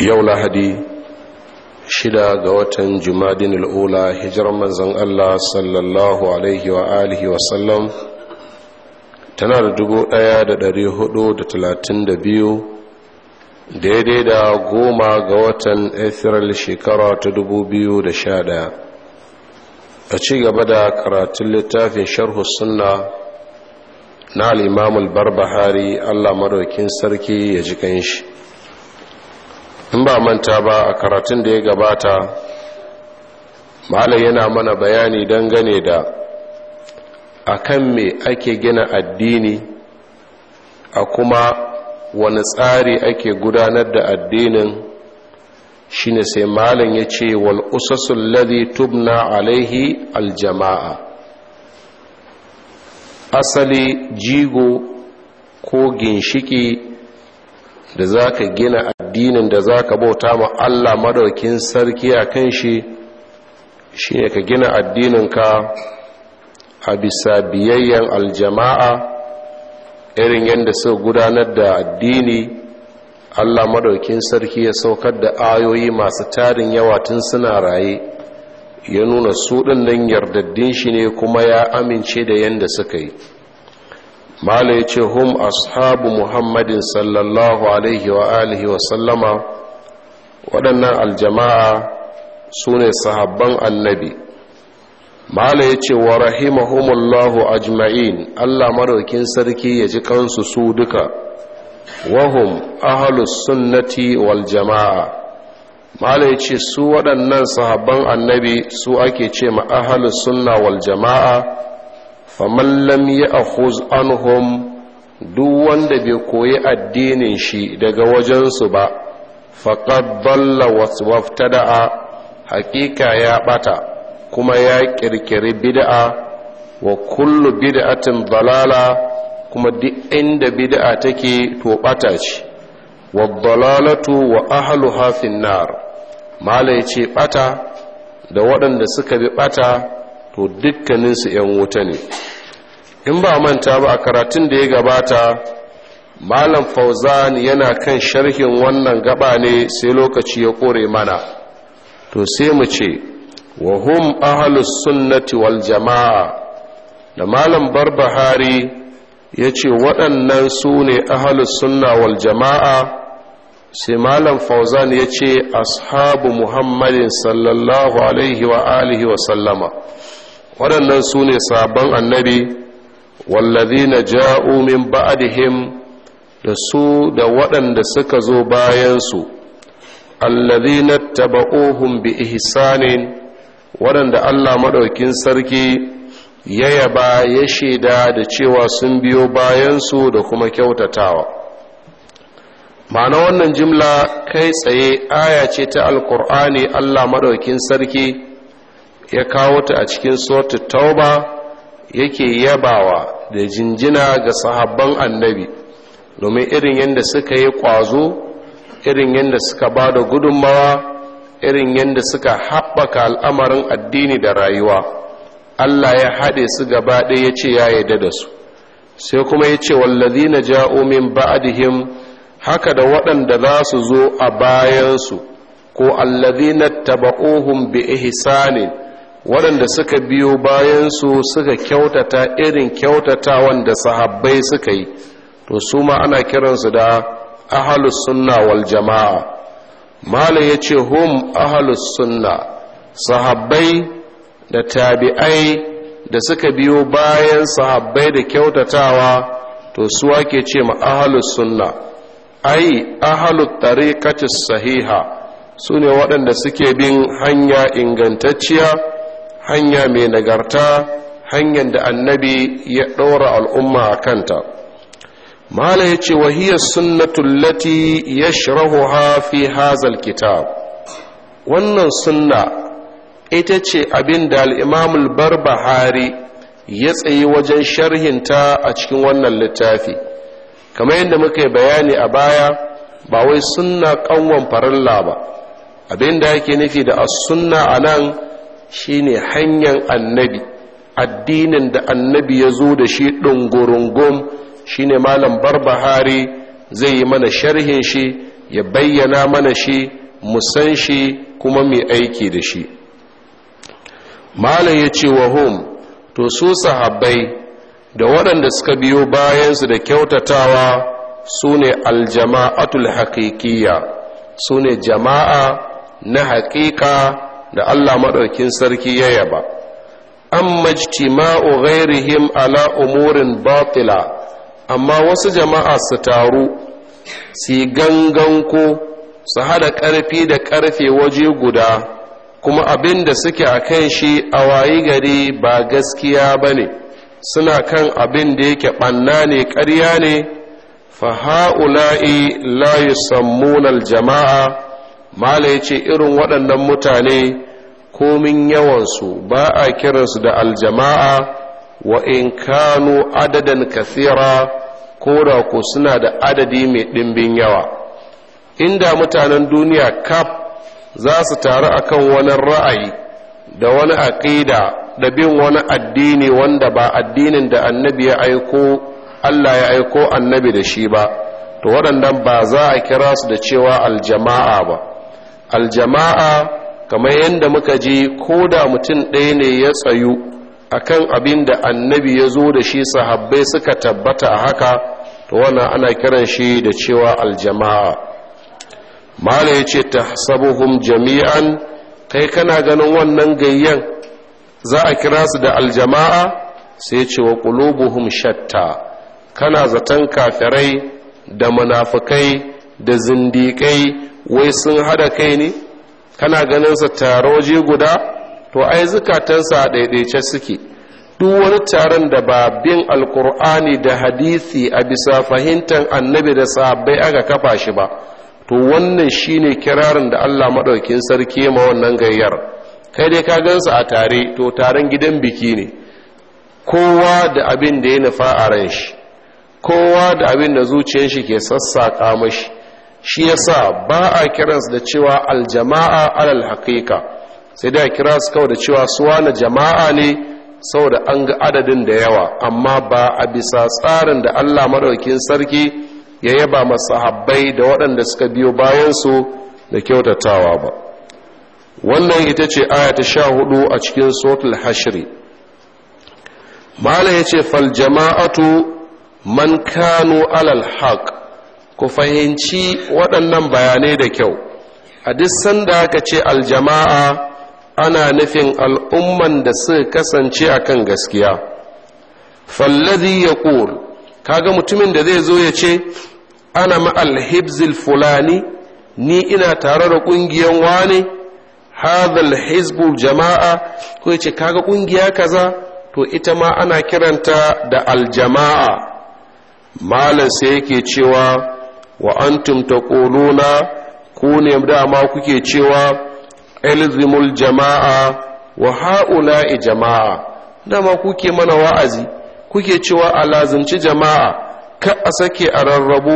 yau lahadi shida ga watan jumadin al'ula hijiran manzan Allah sallallahu alaihi wa alihi sallam tana da dubu daya da dari hudu da talatin da biyu daidai da goma ga watan ethereal shekara ta dubu biyu da sha daya a ci gaba da karatun littafin sharhu sunna na al'imamul barbahari Allah madaukin sarki ya ji kanshi in ba manta ba a karatun da ya gabata malam yana mana bayani gane da a kan me ake gina addini a kuma wani tsari ake gudanar da addinin shi ne sai malam ya ce wal usasul tubna alaihi aljama'a asali jigo ko ginshiki da za ka gina addinin da za ka bauta ma Allah madaukin sarki a kan shi shi ne ka gina addininka a bisa biyayyen aljama'a irin yadda su gudanar da addini Allah madaukin sarki ya saukar da ayoyi masu tarin yawa tun suna raye ya nuna su ɗin nan yardaddin shi ne kuma ya amince da yadda suka yi mala ya ce hum ashabu muhammadin sallallahu alaihi wa alihi wa sallama waɗannan aljama'a su ne sahabban annabi mala ya ce wa rahimahumullahu ajma'in allah maraukin sarki ya ji kansu su duka wahum ahalus sunnati wal jama'a mala ya ce su waɗannan sahabban annabi su ake ce ma ahalus sunna wal jama'a faman lam akhuz anhum duk wanda bai koyi addinin shi daga wajensu ba faqad dalla waftada haqiqa ya bata kuma ya kirkiri bid'a wa kullu bid'atin dalala kuma duk inda bid'a take to bata ce wa dalalatu wa ahluha an-nar mala yace bata da waɗanda suka bi bata to dukkaninsu 'yan wuta ne in ba manta ba a karatun da ya gabata malam fauzan yana kan sharhin wannan gaba ne sai lokaci ya kore mana to sai mu ce wa hum ahlus sunnati wal jama'a da malam barbahari ya ce waɗannan su ne ahlus sunna wal jama'a sai malam fauzan ya ce ashabu muhammadin sallallahu alaihi wa alihi wa sallama waɗannan su ne sabon annabi wallazi na ja'u min ba'adihim da su da waɗanda suka zo bayansu allazi na taba'ohun bi ihsanin waɗanda allah maɗaukin sarki ya yaba ya shaida da cewa sun biyo bayansu da kuma kyautatawa ma'ana wannan jimla kai tsaye aya ce ta alkur'ani allah maɗaukin sarki ya kawo ta a cikin sortu tauba yake yabawa da jinjina ga sahabban annabi domin irin yadda suka yi kwazo irin yadda suka ba da gudunmawa irin yadda suka haɓaka al'amarin addini da rayuwa allah ya haɗe su gaba ɗaya ya ce ya yi da su sai kuma ya ce wallazi na ja ba'adihim haka da waɗanda za su zo a bayansu ko allazi na taba'ohun bi ihsanin waɗanda suka biyo bayansu suka kyautata irin kyautatawan da sahabbai suka yi to su ma ana kiransu da ahalus sunna wal jama'a malam ya ce hum ahalus sunna sahabbai da tabi'ai da suka biyo bayan sahabbai da kyautatawa to su ake ce ma ahalus sunna ai ahalut tariqatis sahiha su ne waɗanda suke bin hanya ingantacciya hanya mai nagarta hanyar da annabi ya ɗora al'umma a kanta mala ya ce wahiyar sunnatun lati ya shiraho hafi hazal kitab wannan sunna ita ce abin da al'imamul barbahari ya tsaye wajen sharhinta a cikin wannan littafi kamar yadda muka yi bayani a baya ba wai sunna kanwan farilla ba abin da yake nufi da as-sunna a nan Shi ne hanyar annabi addinin da annabi ya zo da shi shi ne malam barbahari zai yi mana sharhin shi ya bayyana mana shi musan shi kuma mai aiki da shi malam ya ce wa hum to su sahabbai da waɗanda suka biyo bayansu da kyautatawa su ne aljama'atul haƙiƙiya su ne jama'a na haƙiƙa da Allah maɗaukin sarki ya yaba amma ijtima'u ghairihim ala umurin batila amma wasu jama'a su taru su ganganko, su hada ƙarfi da ƙarfe waje guda kuma abin da suke a kan shi a wayi gari ba gaskiya ba ne suna kan abin da yake ɓanna ne ƙarya ne fa ha'ula'i la jama'a mala ya ce irin waɗannan mutane komin yawansu ba a kiransu da aljama'a wa in kano adadan kasira ko da ko suna da adadi mai ɗimbin yawa inda mutanen duniya kaf za su taru akan wani ra'ayi da wani aƙida da bin wani addini wanda ba addinin da annabi ya aiko Allah ya aiko annabi da shi ba to waɗannan ba za a kira su da cewa aljama'a ba aljama'a kamar yadda muka je ko da mutum ɗaya ne ya tsayu akan abin da annabi ya zo da shi sahabbai suka tabbata a haka to wannan ana kiran shi da cewa aljama'a mala ya ce ta jami'an kai kana ganin wannan gayyan za a kira su da aljama'a sai ce wa ƙulubuhum shatta kana zaton kafirai da munafukai da zindiƙai wai sun hada kai ne kana ganinsa taro waje guda to ai zukatansa a ɗaiɗaice suke duk wani taron da ba bin alkur'ani da hadisi a bisa fahimtar annabi da sahabbai aka kafa shi ba to wannan shine kirarin da allah maɗaukin sarki ma wannan gayyar kai dai ka gansa a tare to taron gidan biki ne kowa da abin da ya nufa a ran shi kowa da abin da zuciyar shi ke sassaƙa mashi shi yasa ba a kiransu da cewa aljama'a alal haqiqa sai dai a kira su kawai da cewa su na jama'a ne saboda an ga adadin da yawa amma ba a bisa tsarin da Allah madaukakin sarki ya yaba masahabbai da waɗanda suka biyo bayan su da kyautatawa ba wannan ita ce aya ta sha hudu a cikin sotul hashiri mala ya ce jama'atu man kanu alal haƙ. ku fahimci waɗannan bayanai da kyau a duk sanda aka ce aljama'a ana nufin al'umman da suka kasance akan gaskiya fallazi ya ƙul kaga mutumin da zai zo ya ce ana ma'al hibzil fulani ni ina tare da ƙungiyar wane hazal hizbul jama'a ko ya ce kaga ƙungiya kaza to ita ma ana kiranta da aljama'a malam sai yake cewa wa antum taquluna ku ne dama kuke cewa ilzimul jama'a wa ha'ula'i jama'a dama kuke mana wa'azi kuke cewa a lazimci jama'a ka a sake a rarrabu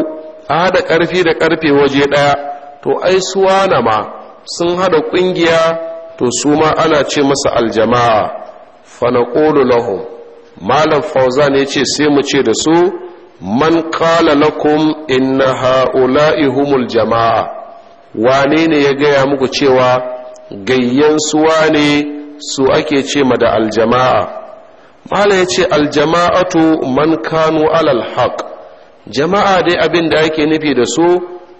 a haɗa ƙarfi da ƙarfe waje ɗaya to ai suwana ma sun haɗa ƙungiya to su ma ana ce masa aljama'a fa na lahum malam fauzan yace ce sai mu ce da su man qala lakum inna haula'i humul jama'a wane ne ya gaya muku cewa gayyan suwa ne su ake ce ma da aljama'a mala ya ce aljama'atu man kanu alal haq jama'a dai abin da ake nufi da su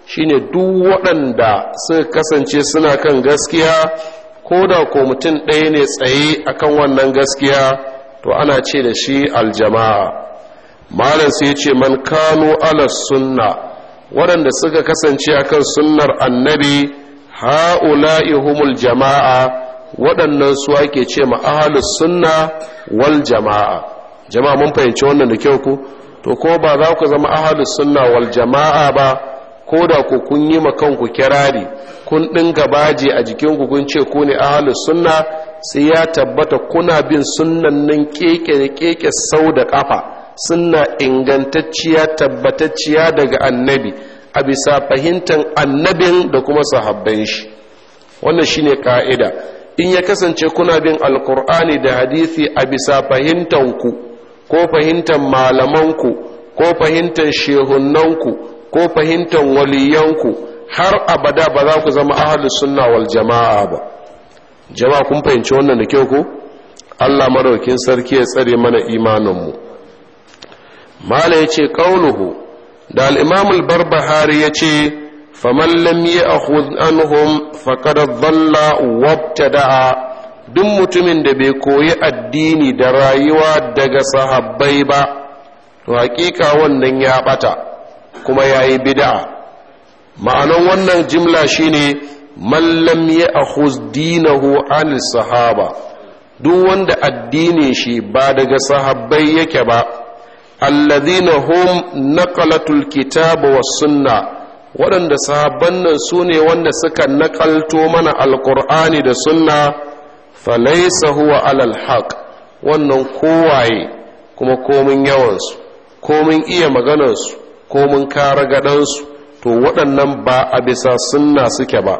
shine duk waɗanda suka kasance suna kan gaskiya ko da ko mutum ɗaya ne tsaye akan wannan gaskiya to ana ce da shi aljama'a malam sai ce man kano ala sunna waɗanda suka kasance akan sunnar annabi ha'ula'i humul jama'a waɗannan su ake ce ma sunna wal jama'a jama'a mun fahimci wannan da kyau ku to ko ba za ku zama ahalus sunna wal jama'a ba ko da ku kun yi kanku kirari kun ɗin gabaje a jikinku kun ce ku ne ahalus sunna sai ya tabbata kuna bin sunnan nan keke keke sau da ƙafa. sunna ingantacciya tabbatacciya daga annabi a bisa fahimtar annabin da kuma sahabban shi wannan shine ka'ida in ya kasance kuna bin alkur'ani da hadisi a bisa fahimtanku ko fahimtar malamanku ko fahimtar shehunanku ko fahimtar waliyanku har abada ba za ku zama ahal sunna wal jama'a ba jama'a kun fahimci wannan da kyau ko Allah maraukin sarki ya tsare mana imaninmu mala ya ce kauluhu da al'imamul barbahari ya ce faman lam yi a anhum faƙar zalla wabta da'a duk mutumin da bai koyi addini da rayuwa daga sahabbai ba to hakika wannan ya bata kuma ya yi bida'a ma'anan wannan jimla shine man lam yi a dinahu an sahaba duk wanda addinin shi ba daga sahabbai yake ba alladhina hum naqalatul kitaba was sunna waɗanda sahabban nan su ne wanda suka naƙalto mana alƙur'ani da sunna falaisa huwa alal haq wannan kowaye kuma komin yawansu komin iya maganarsu komin kare gadansu to waɗannan ba a bisa sunna suke ba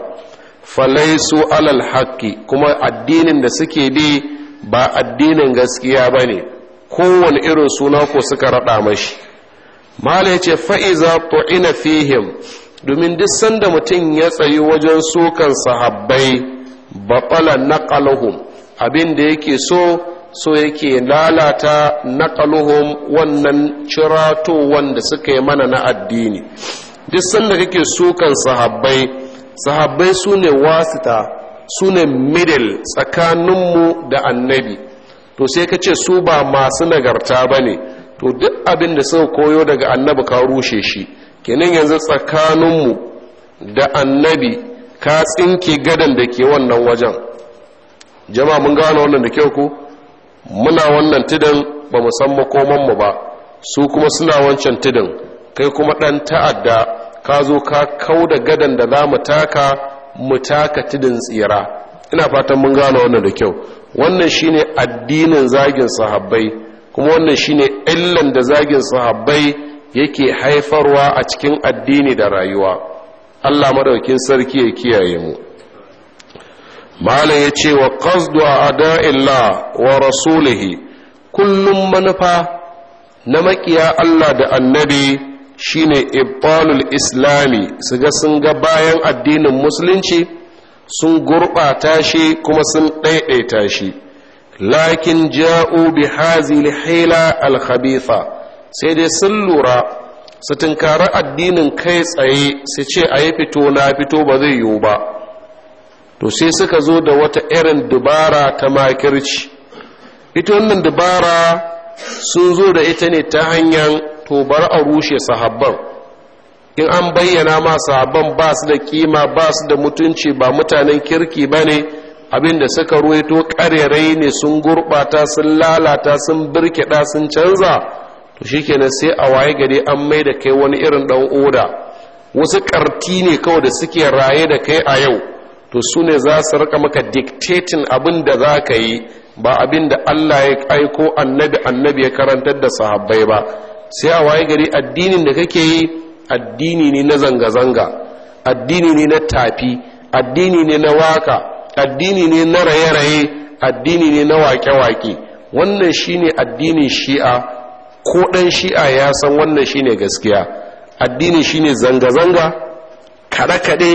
falaisu alal haƙƙi kuma addinin da suke bi ba addinin gaskiya ba ne kowane irin suna ko suka raɗa mashi mala ya ce fa'iza tu'ina fihim domin duk sanda mutum ya tsayi wajen sukan sahabbai batsala naqaluhum abin da yake so so yake lalata naqaluhum wannan cirato wanda suka yi mana na addini duk sanda kake sukan sahabbai sahabbai su ne wasita su ne middle tsakaninmu da annabi to sai ka ce su ba masu nagarta ba ne to duk abin da suka koyo daga annabi ka rushe shi kenan yanzu tsakaninmu da annabi ka tsinke gadon da ke wannan wajen jama mun gano wannan da kyau ku muna wannan tudun ba mu san ba su kuma suna wancan tudun kai kuma ɗan ta'adda ka zo ka kau da gadon da za mu taka mu taka tudun tsira ina fatan mun gano wannan da kyau wannan shine addinin zagin sahabbai kuma wannan shine illan da zagin sahabbai yake haifarwa a cikin addini da rayuwa Allah madaukin sarki ya kiyaye mu malam ya ce wa qasdu a'da'illah wa rasulihi kullum manufa na makiya Allah da annabi shine ibtalul islami su ga sun ga bayan addinin musulunci sun gurɓata shi kuma sun ɗaiɗaita shi lakin ja'u bi hazil hila khabitha sai dai sun lura su tunkari addinin kai tsaye su ce a yi fito na fito ba zai yiwu ba to sai suka zo da wata irin dubara ta makirci ita wannan dubara sun zo da ita ne ta hanyar to bar a rushe sahabban in an bayyana ma sahabban ba su da kima ba su da mutunci ba mutanen kirki ba ne abinda suka ruwaito ƙarerai ne sun gurɓata sun lalata sun birkiɗa sun canza to shikenan sai a waye gari an mai da kai wani irin ɗan oda wasu ƙarti ne kawai da suke raye da kai a yau to su ne za su rika maka dictating abin da za ka yi ba abin da allah ya aiko annabi annabi ya karantar da sahabbai ba sai a waye gari addinin da kake yi addini ne na zanga-zanga addini ne na tafi addini ne na waka addini ne na raye-raye addini ne na wake-wake wannan shine addinin shi'a ko ɗan shi'a ya san wannan shine gaskiya addini shine zanga-zanga kaɗe-kaɗe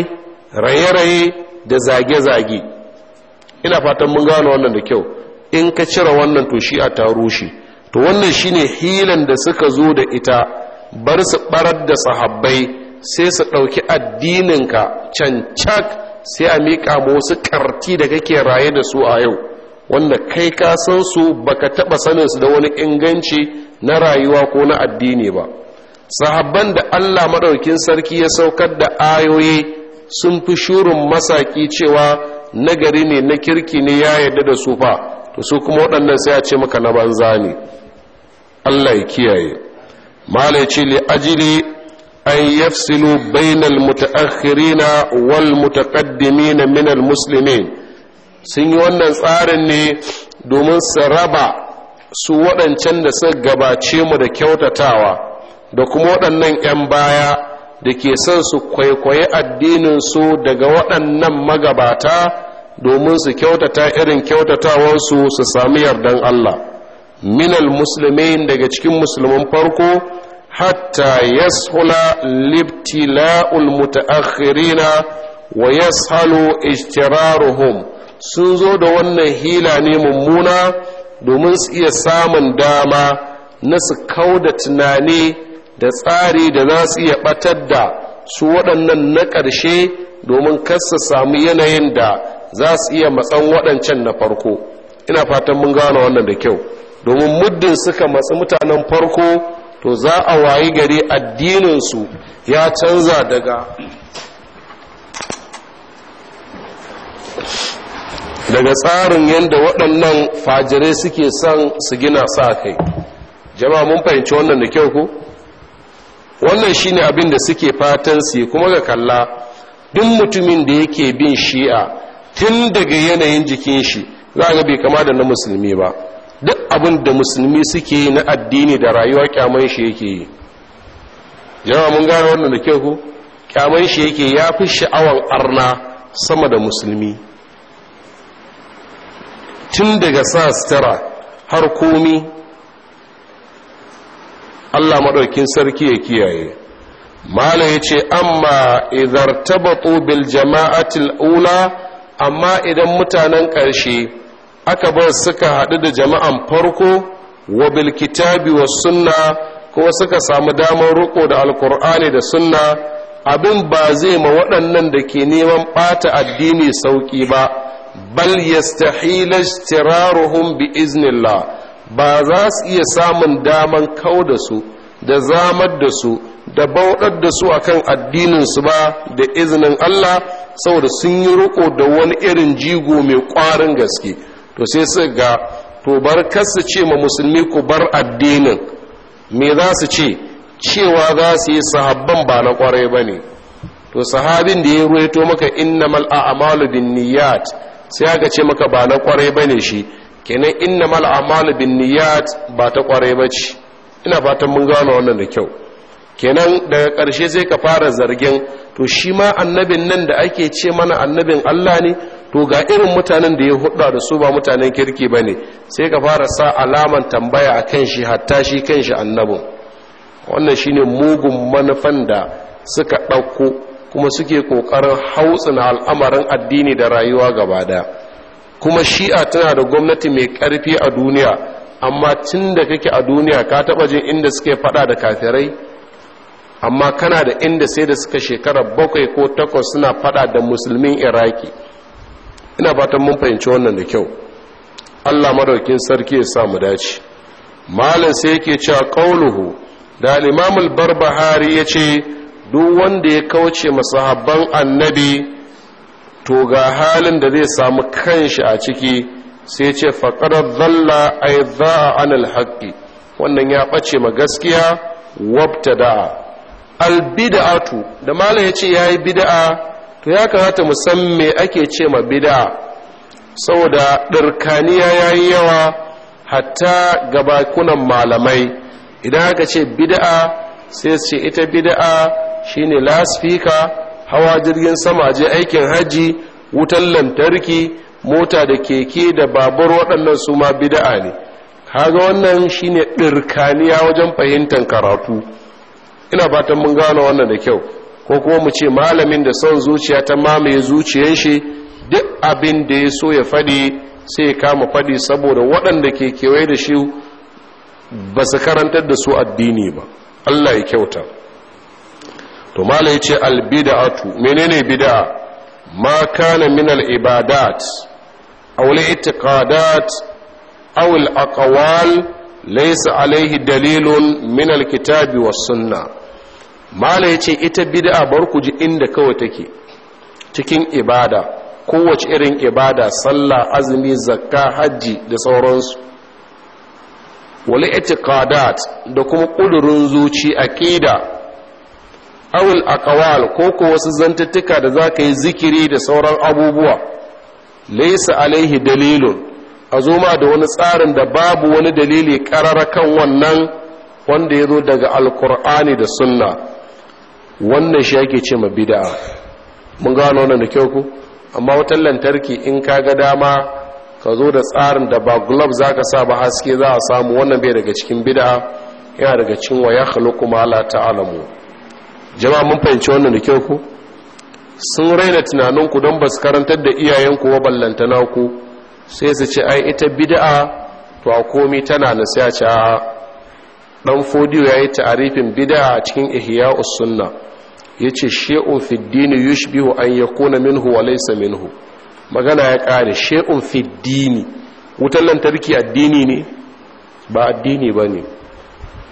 raye-raye da zage-zage ina fatan mun gano wannan da kyau in ka cire wannan to shi'a ta rushe to wannan shine hilan da suka zo da ita bar su barar da sahabbai sai su ɗauki addininka cancak sai a miƙa wasu karti da kake raye da su a yau wanda kai ka san su baka taɓa sanin su da wani inganci na rayuwa ko na addini ba sahabban da allah maɗaukin sarki ya saukar da ayoyi sun fi shurin masaƙi cewa nagari ne na kirki ne ya yarda da su fa to su kuma waɗannan sai a ce maka na banza ne allah ya kiyaye mala ce li ajili an yafsilu bainal mutaakhirina wal mutaqaddimina min al muslimin sun yi wannan tsarin ne domin su raba su waɗancan da suka gabace mu da kyautatawa da kuma waɗannan 'yan baya da ke son su kwaikwayi su daga waɗannan magabata domin su kyautata irin kyautatawarsu su sami yardan Allah minal musulmin daga cikin musulman farko hatta yashula libtila'ul mutaakhirina wa yashalu ijtiraruhum sun zo da wannan hila ne mummuna domin su iya samun dama na su kau da tunani da tsari da za su iya batar da su waɗannan na ƙarshe domin kasa samu yanayin da za su iya matsan waɗancan na farko ina fatan mun gane wannan da kyau domin muddin suka matsi mutanen farko to za a wayi gari addininsu ya canza daga daga tsarin yadda waɗannan fajirai suke son su gina sa kai jama'a mun fahimci wannan da kyau ku wannan shi ne abin da suke fatan su kuma ga kalla duk mutumin da yake bin shi'a tun daga yanayin jikin shi za ga bai kama da na musulmi ba duk abin da musulmi suke yi na addini da rayuwa kyaman shi yake yi yawa mun gano wannan da kyau ku kyaman shi yake ya fi sha'awar arna sama da musulmi tun daga sa sitara har komi allah maɗaukin sarki ya kiyaye mala ya ce amma idartabato bil jama'atil ula amma idan mutanen ƙarshe aka bar suka haɗu da jama'an farko wa bilkitabi wa sunna kuma suka samu damar riko da alkur'ani da sunna abin ba zai ma waɗannan da ke neman ɓata addini sauƙi ba bal yastahila istiraruhum bi iznillah ba za su iya samun daman kau da su da zamar da su da bauɗar da su akan addinin su ba da izinin Allah saboda sun yi riko da wani irin jigo mai ƙwarin gaske to sai su ga to bar kasu ce ma musulmi ku bar addinin me za su ce cewa za su yi sahabban ba na kwarai ba ne to sahabin da ya ruwaito maka innamal a'malu bin niyyat sai aka ce maka ba na kwarai ba ne shi kenan innamal a'malu bin niyyat ba ta kwarai ba ce ina fatan mun gano wannan da kyau kenan daga karshe sai ka fara zargin to shi ma annabin nan da ake ce mana annabin Allah ne to ga irin mutanen da ya hudu da su ba mutanen kirki ba ne sai ka fara sa alaman tambaya a kan shi hatta shi kan shi annabin wannan shine mugun manufan da suka ɗauko kuma suke ƙoƙarin hautsina al'amarin addini da rayuwa gaba da kuma shi'a tana da gwamnati mai ƙarfi a duniya amma tun da kake a duniya ka taɓa jin inda suke faɗa da kafirai amma kana da inda sai da suka shekara bakwai ko takwas suna faɗa da musulmin iraki ina fatan mun fahimci wannan da kyau Allah madaukin sarki ya sa mu dace malam sai yake cewa qauluhu da alimamul imam al-barbahari yace duk wanda ya kauce masahabban annabi to ga halin da zai samu kanshi a ciki sai ce faqad dhalla ay dha'a anil haqqi wannan ya bace ma gaskiya wabtada al bid'atu da malam yace yayi bid'a to ya kamata mu san me ake ce ma bid'a saboda ɗarkaniya yi yawa hatta ga bakunan malamai idan aka ce bid'a sai ce ita bid'a shine lasfika hawa jirgin sama je aikin hajji, wutan lantarki mota da keke da babur waɗannan su ma bid'a ne kaga wannan shine ɗirkaniya wajen fahimtar karatu ina fatan mun gano wannan da kyau ko kuma mu ce malamin da son zuciya ta mamaye zuciyar shi duk abin da ya so ya faɗi sai ya kama faɗi saboda waɗanda ke kewaye da shi ba su karantar da su addini ba Allah ya kyauta to mala ya ce albida'atu menene bida'a ma kana min al-ibadat aw al-i'tiqadat aw al-aqwal laysa alayhi dalilun min al-kitabi was-sunnah mala ya ce ita bid'a bar ku ji inda kawai take cikin ibada kowace irin ibada sallah azumi zakka hajji da sauransu wal itiqadat da kuma kudurin zuci aqida awul aqwal ko ko wasu zantattuka da za ka yi zikiri da sauran abubuwa laisa alaihi dalilun azuma da wani tsarin da babu wani dalili karara kan wannan wanda ya zo daga alkur'ani da sunna wannan shi yake ce ma bida'a mun gano wannan da kyau ku amma wutar lantarki in ka ga dama ka zo da tsarin da ba glove za ka sa ba haske za a samu wannan bai daga cikin bida'a yana daga cikin waya khuluqu ma la ta'lamu jama'a mun fahimci wannan da kyau ku sun raina tunanin ku don ba su karantar da iyayen ku ba ballanta ku sai su ce ai ita bida'a to a komi tana nasiya ce dan fodiyo ya yi ta'arifin bida a cikin ihya sunna ya ce she'un fiddini yushbihu an ya kuna minhu wa laisa minhu magana ya ƙare she'un fiddini wutan lantarki addini ne ba addini ba ne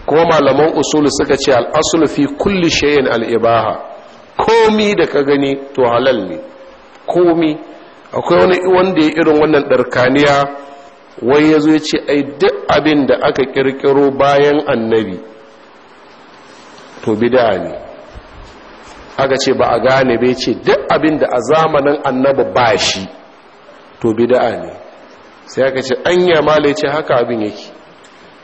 kuma malaman usulu suka ce al'asulu fi kulli shayin al'ibaha komi da ka gani to halal ne komi akwai wani wanda ya irin wannan ɗarkaniya wai ya zo ya ce ai duk abin da aka kirkiro bayan annabi to bida ne aka ce ba a gane bai ce duk abin da a zamanin annabi ba shi to bida ne sai aka ce an yamala ce haka abin yake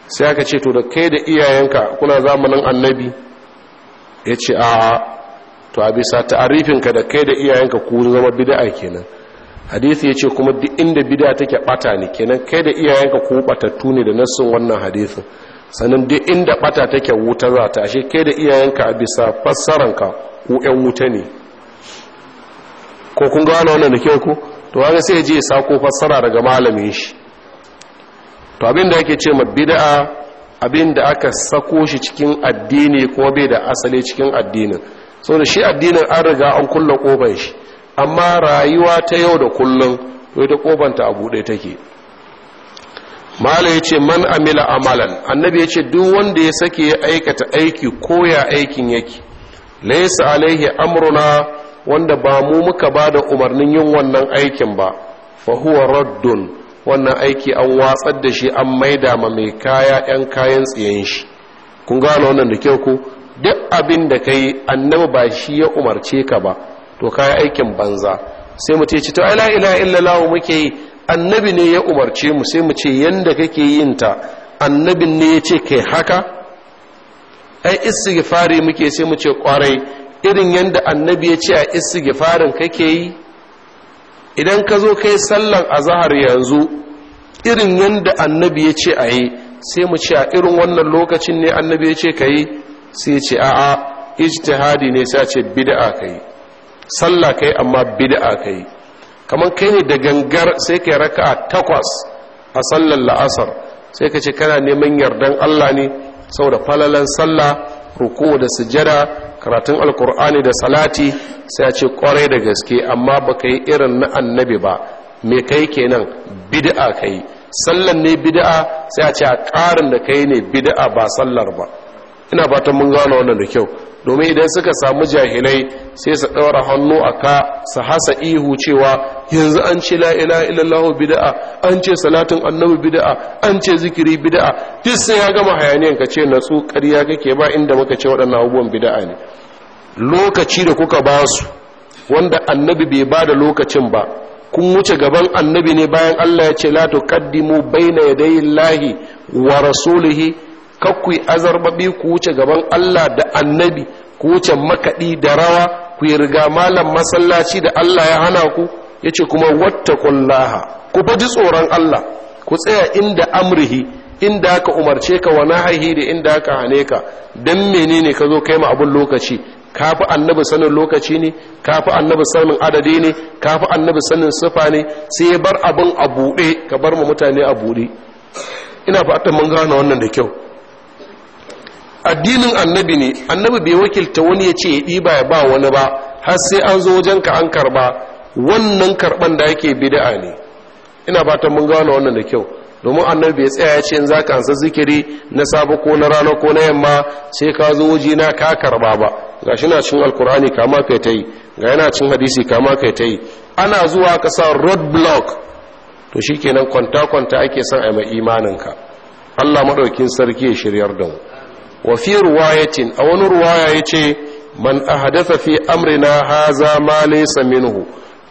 sai aka ce to da kai da iyayenka kuna zamanin annabi ya ce a to a bisa ta'arifinka da kai da iyayenka ku zama bida kenan hadisi ya ce kuma duk inda bida take bata ne kenan kai da iyayenka ko batattu ne da nassin wannan hadisin sannan duk inda bata take wuta za ta ashe kai da iyayenka a bisa fassaranka ku yan wuta ne ko kun gano wannan da kyau ku to wani sai je sako fassara daga malamin shi to abin da yake ce ma bid'a abin da aka sako shi cikin addini ko bai da asali cikin addinin saboda shi addinin an riga an kulla kofar shi amma rayuwa ta yau da kullum to ita kobanta a buɗe take mala ya ce man amila amalan annabi ya ce duk wanda ya sake ya aikata aiki ko ya aikin yake laisa alaihi amruna wanda ba mu muka ba da umarnin yin wannan aikin ba fa huwa raddun wannan aiki an watsar da shi an maida ma mai kaya yan kayan tsiyen shi kun gano wannan da kyau ku duk abin da kai annabi ba shi ya umarce ka ba to kayan aikin banza sai mu ce ci ta ala ila illallah muke yi annabi ne ya umarce mu sai mu ce yanda kake yi ta annabin ne ya ce kai haka ai istighfari muke sai mu ce kwarai irin yanda annabi ya ce a istighfarin kake yi idan ka zo kai sallan azhar yanzu irin yanda annabi ya ce a yi sai mu ce a irin wannan lokacin ne annabi ya ce ka yi sai ce a'a ijtihadi ne sai a ce bid'a ka yi sallah kai amma bid'a kai kamar kai ne da gangar sai kai raka'a takwas a sallar la'asar sai ka ce kana neman yardan Allah ne saboda falalan sallah ruku da sujada karatun alkur'ani da salati sai a ce kwarai da gaske amma baka yi irin na annabi ba me kai kenan bid'a kai sallan ne bid'a sai a ce a karin da kai ne bid'a ba sallar ba ina fatan mun gano wannan da kyau domin idan suka samu jahilai sai su ɗaura hannu a ka su hasa ihu cewa yanzu an ce la'ila ilallahu bida'a an ce salatin annabi bida'a an ce zikiri bida'a duk sai ya gama hayaniyan ka ce natsu ƙarya kake ba inda muka ce waɗannan abubuwan bida'a ne lokaci da kuka ba su wanda annabi bai ba da lokacin ba kun wuce gaban annabi ne bayan Allah ya ce la tuqaddimu baina yadayi lahi wa rasulihi kakkui azarbabi ku wuce gaban Allah da annabi ku wuce makaɗi da rawa ku yi riga malam masallaci da Allah ya hana ku ya ce kuma kullaha. ku faji tsoron Allah ku tsaya inda amrihi inda aka umarce ka wa nahahi da inda aka hane ka dan menene ka zo kai ma abun lokaci ka fi annabi sanin lokaci ne ka fi annabi sanin adadi ne ka fi annabi sanin sifa ne sai ya bar abin a buɗe ka bar ma mutane a buɗe ina fatan mun gane wannan da kyau addinin annabi ne annabi bai wakilta wani ya ce ya ɗiba ya ba wani ba har sai an zo wajen ka an karba wannan karban da yake bid'a ne ina fatan mun gano wannan da kyau domin annabi bai tsaya ya ce in zaka ansa zikiri na sabo ko na rana ko na yamma sai ka zo waje na ka karba ba gashi na cin alkur'ani kama kai ta yi ga yana cin hadisi kama kai ta yi ana zuwa ka sa road block to shi shikenan kwanta kwanta ake son a mai imanin ka Allah madaukin sarki ya shiryar da mu wa fi ruwayatin a wani ruwaya yace man ahdatha fi amrina haza ma laysa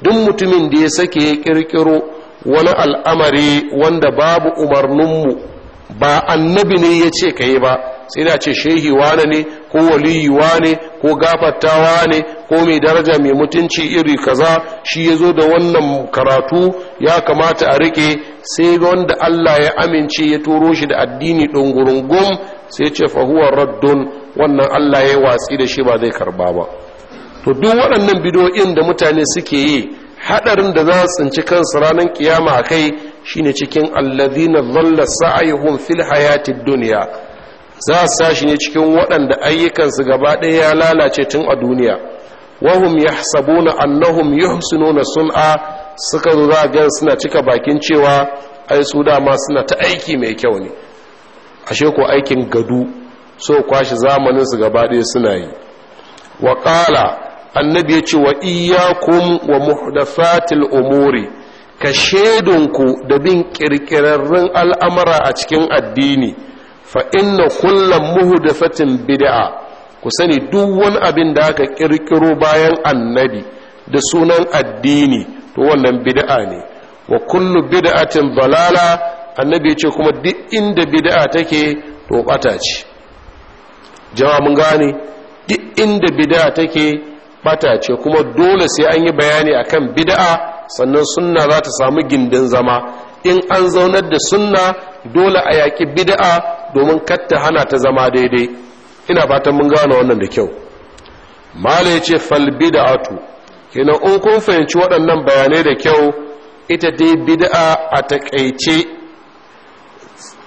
duk mutumin da ya sake ya kirkiro wani al'amari wanda babu umarninmu ba annabi ne ya ce ka yi ba sai da ce shehi wane ne ko waliyi wane ko gafartawa ne ko mai daraja mai mutunci iri kaza shi ya zo da wannan karatu ya kamata a rike sai wanda Allah ya amince ya turo shi da addini ɗungurungun sai ce fahuwa raddun wannan allah ya watsi da shi ba zai karba ba to duk waɗannan bidoyin da mutane suke yi haɗarin da za su tsinci kansu ranar kiyama a kai shine cikin alladhina dhalla sa'ayuhum fil hayati duniya za su shi ne cikin waɗanda ayyukansu gaba ɗaya ya lalace tun a duniya wahum yahsabuna annahum yuhsinuna sun'a suka zo za a suna cika bakin cewa ai su dama suna ta aiki mai kyau ne ashe ko aikin gadu so kwashi zamanin su gaba ɗaya suna yi wa ƙala annabi yace wa iyakun wa muhdathatil umuri ka shaidunku da bin ƙirƙirarrun al'amara a cikin addini fa inna kullum muhdathatin bid'a ku sani duk wani abin da aka ƙirƙiro bayan annabi da sunan addini to wannan bid'a ne wa kullu bid'atin balala. annabi ya ce kuma duk inda bid'a take to bata ce jama'a mun gane duk inda bid'a take bata ce kuma dole sai an yi bayani akan bid'a sannan sunna za ta samu gindin zama in an zaunar da sunna dole a yaƙi bid'a domin katta hana ta zama daidai ina fatan mun gane wannan da kyau mala ya ce fal bid'atu kenan in kun fahimci waɗannan bayanai da kyau ita dai bid'a a takaice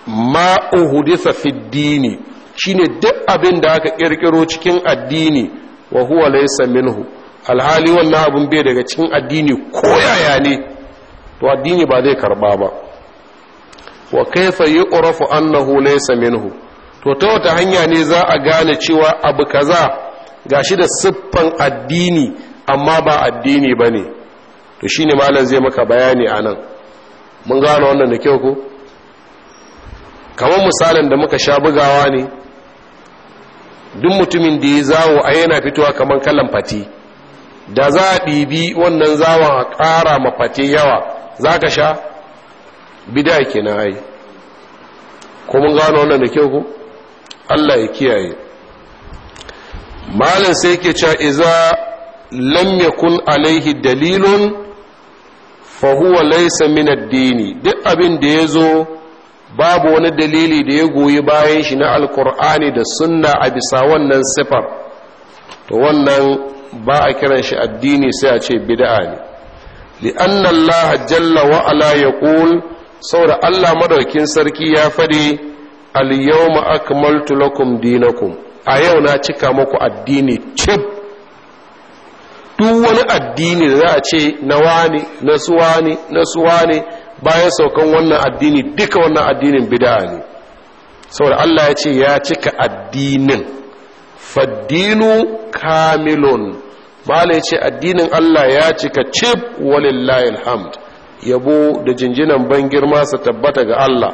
ma uhudisa fi dini shine duk abin da aka kirkiro cikin addini wa huwa laysa minhu alhali wannan abun bai daga cikin addini ko yaya ne to addini ba zai karba ba wa kaifa yuqrafu annahu laysa minhu to ta wata hanya ne za a gane cewa abu kaza gashi da siffan addini amma ba addini bane to shine malam zai maka bayani anan mun gane wannan da kyau ko kamar misalin da muka sha bugawa ne duk mutumin da ya zawo a yana fitowa kamar kalan fati da za a ɗibi wannan zawon a ƙara ma fate yawa za ka sha bida ke na ai ko gano wannan da kyau ku allah ya kiyaye malin sai ke cewa iza lam kun alaihi dalilun fahuwa laisa duk abin da ya zo. babu wani dalili da ya goyi bayan shi na alkur'ani da sunna a bisa wannan sifar to wannan ba a kiran shi addini sai a ce bid'a ne li'anna Allah jalla wa ala yaqul saboda Allah madaukin sarki ya fadi al-yawma akmaltu lakum dinakum a yau na cika maku addini cib duk wani addini da za a ce na wani na suwani na suwani bayan saukan wannan addini duka wannan addinin bid'a ne saboda Allah ya ce ya cika addinin faddinu kamilun bala ya ce addinin Allah ya cika cib walillahi hamd. yabo da jinjinan ban girma su tabbata ga Allah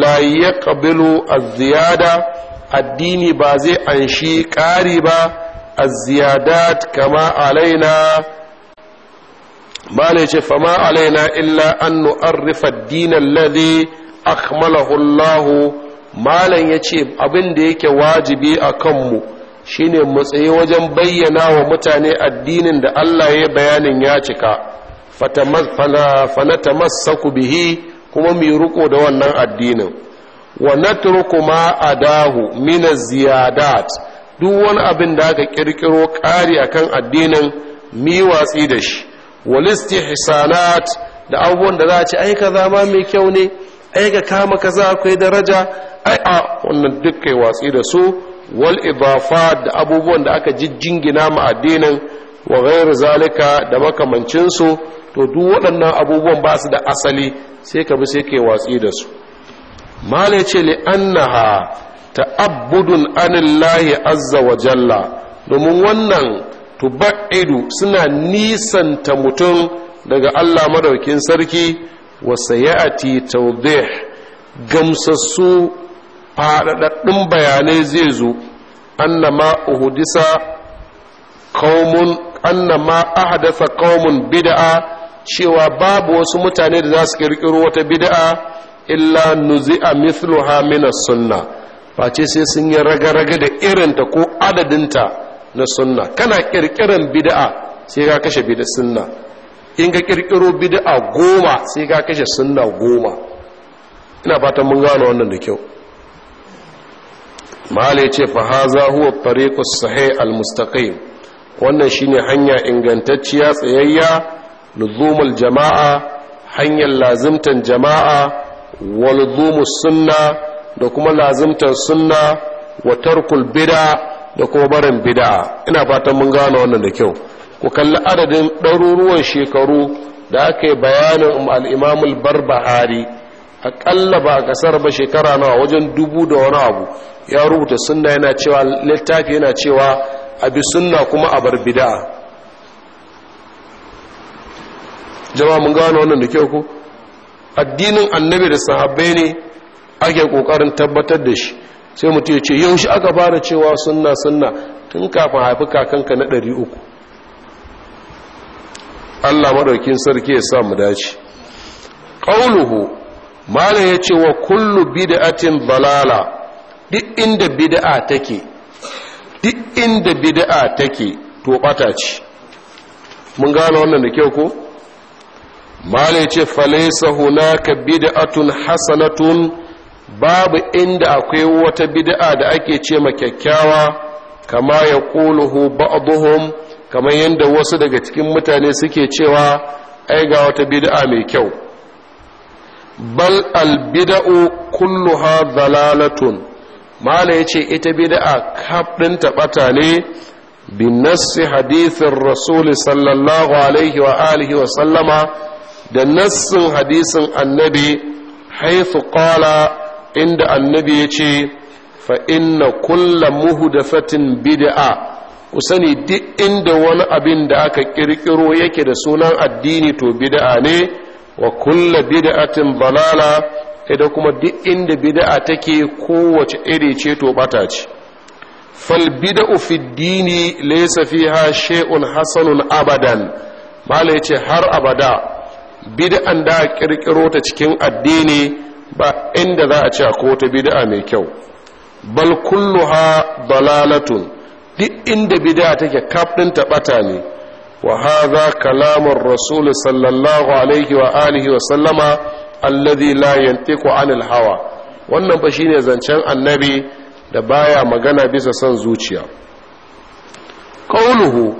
la yaqbilu az-ziyada addini ba zai anshi ƙari ba az-ziyadat kama alaina bala ce fama alaina illa an nu'arrifa dinan ladhi akhmalahu Allah malam yace abin da yake wajibi a kanmu shine mu tsaye wajen bayyana wa mutane addinin da Allah ya bayanin ya cika fanatamassaku bihi kuma mu riko da wannan addinin wa natruku ma adahu min ziyadat duk wani abin da aka kirkiro kari akan addinin mi watsi da shi walisti hisanat da abubuwan da za a ce ai kaza ma mai kyau ne ai ga kama kaza akwai daraja ai a wannan duk watsi da su wal idafa da abubuwan da aka jijjingina ma addinin wa ghairu zalika da makamancin su to duk waɗannan abubuwan ba su da asali sai ka bi sai ke watsi da su mala ce li annaha ta'abbudun anillahi azza wa jalla domin wannan tubaidu suna nisanta mutum daga Allah madaukin sarki wa sayati tawdih gamsassu faɗaɗaɗɗun bayanai zai zo annama uhudisa qaumun annama ahdatha qaumun bid'a cewa babu wasu mutane da za su kirkiro wata bid'a illa nuzi'a mithluha min as-sunnah face sai sun yi raga-raga da irinta ko adadinta na sunna kana kirkiran bid'a sai ka kashe bid'a sunna in ka kirkiro bid'a goma sai ka kashe sunna goma ina fatan mun gano wannan da kyau mali ya ce fa haza huwa tariqu sahih al mustaqim wannan shine hanya ingantacciya tsayayya luzumul jama'a hanyar lazimtan jama'a wa luzumus sunna da kuma lazimtan sunna wa tarkul bid'a da kuma barin bida'a ina fatan mun gane wannan da kyau ku kalli adadin ɗaruruwan shekaru da aka yi bayanin al'imam al-barbahari akalla ba a ƙasar ba shekara nawa wajen dubu da wani abu ya rubuta sunna yana cewa littafi yana cewa abi sunna kuma a bar bida'a Jama mun gano wannan da kyau ku addinin annabi da sahabbai ne ake ƙoƙarin tabbatar da shi sai mutum ya ce yaushe aka fara cewa sunna sunna tun kafin haifi kakanka na ɗari uku allah maɗaukin sarki ya sa mu dace ƙauluhu malam ya ce wa kullu bida'atin balala duk inda bid'a take duk inda bida'a take to ɓata ce mun gano wannan da kyau ko ya ce falaisa hunaka bid'atun hasanatun babu inda akwai wata bid'a da ake ce ma kyakkyawa kama ya kuluhu ba'aduhum kamar yadda wasu daga cikin mutane suke cewa ai ga wata bid'a mai kyau bal bid'u kulluha dalalatun mala yace ita bid'a kaf din tabata ne bin nassi hadithin rasul sallallahu alaihi wa alihi wa sallama da nassin hadisin annabi haythu qala inda annabi ya ce fa inna kulla fatin bid'a ku sani duk inda wani abin da aka kirkiro yake da sunan addini to bid'a ne wa kulla bid'atin balala ida kuma duk inda bid'a take kowace iri ce to bata ce fal bid'u fi dini laysa fiha shay'un hasanun abadan mala yace har abada bid'an da kirkiro ta cikin addini ba inda za a ce ko kowata bid'a mai kyau bal kulluha dalalatun duk inda bid'a take kafin ta bata ne wa hadha kalamur rasul sallallahu alaihi wa alihi wa sallama alladhi la yantiqu anil hawa wannan shi shine zancen annabi da baya magana bisa son zuciya qauluhu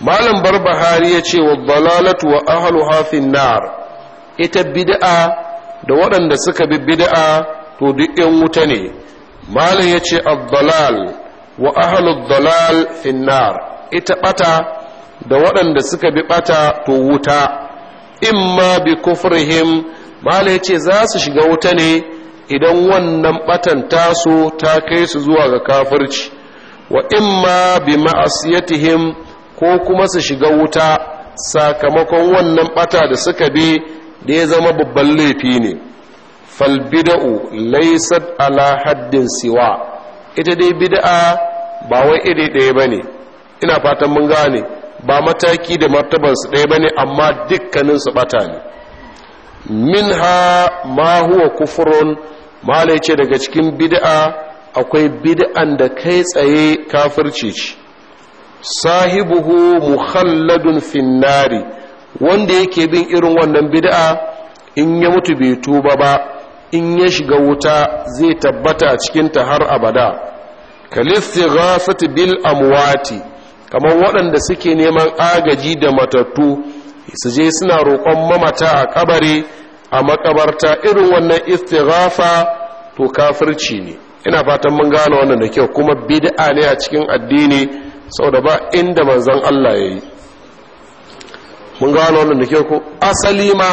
malam barbahari yace wa dalalatu wa ahluha fin nar ita bid'a da waɗanda suka bi bid'a to duk yan wuta ne malam ya ce abdalal wa ahlud dalal finnar ita ɓata. da waɗanda suka bi ɓata to wuta imma bi kufrihim malam ya ce za su shiga wuta ne idan wannan ɓatan taso ta kai su zuwa ga kafirci wa imma bi ma'asiyatihim ko kuma su shiga wuta sakamakon wannan ɓata da suka bi da ya zama babban laifi ne falbida'u laisat ala haddin siwa ita dai bid'a ba wai iri ɗaya ba ne ina fatan mun gane ba mataki da martabansu ɗaya ba ne amma dukkaninsu ɓata ne min ha ma huwa kufurun ma ce daga cikin bid'a akwai bid'an da kai tsaye kafirci ci. sahibuhu mukhalladun finnari wanda yake bin irin wannan bid'a in ya mutu bai tuba ba in ya shiga wuta zai tabbata a ta har abada kalisti ghasati bil amwati kamar waɗanda suke neman agaji da matattu su je suna roƙon mamata a kabari a makabarta irin wannan istighafa to kafirci ne ina fatan mun gane wannan da kyau kuma bid'a ne a cikin addini sau da ba inda manzon Allah ya yi. mun gano wannan da ke ko asali ma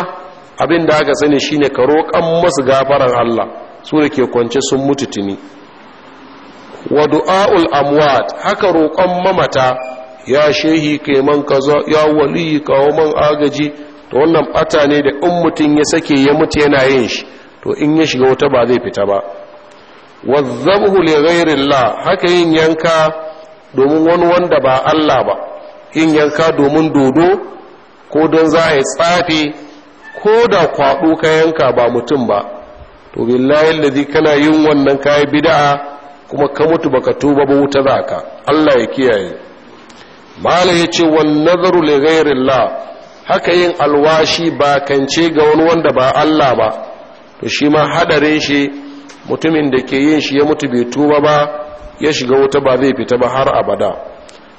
abin da aka sani shine ka roƙan masu gafaran Allah su da ke kwance sun mutu tuni wa du'aul amwat haka roƙon mamata ya shehi kai kaza ya wali kawo man agaji to wannan bata ne da in mutum ya sake ya mutu yana yin shi to in ya shiga wata ba zai fita ba wazzabhu li ghairillah haka yin yanka domin wani wanda ba Allah ba yin yanka domin dodo ko don za a yi tsafi ko da kwaɗo ka yanka ba mutum ba to billahi zai kana yin wannan kayi bid'a kuma ka mutu ba ka tuba ba wuta zaka Allah ya kiyaye mala ce wan nazaru li la haka yin alwashi ba kance ga wani wanda ba Allah ba to shi ma hadarin shi mutumin da ke yin shi ya mutu bai tuba ba ya shiga wuta ba zai fita ba har abada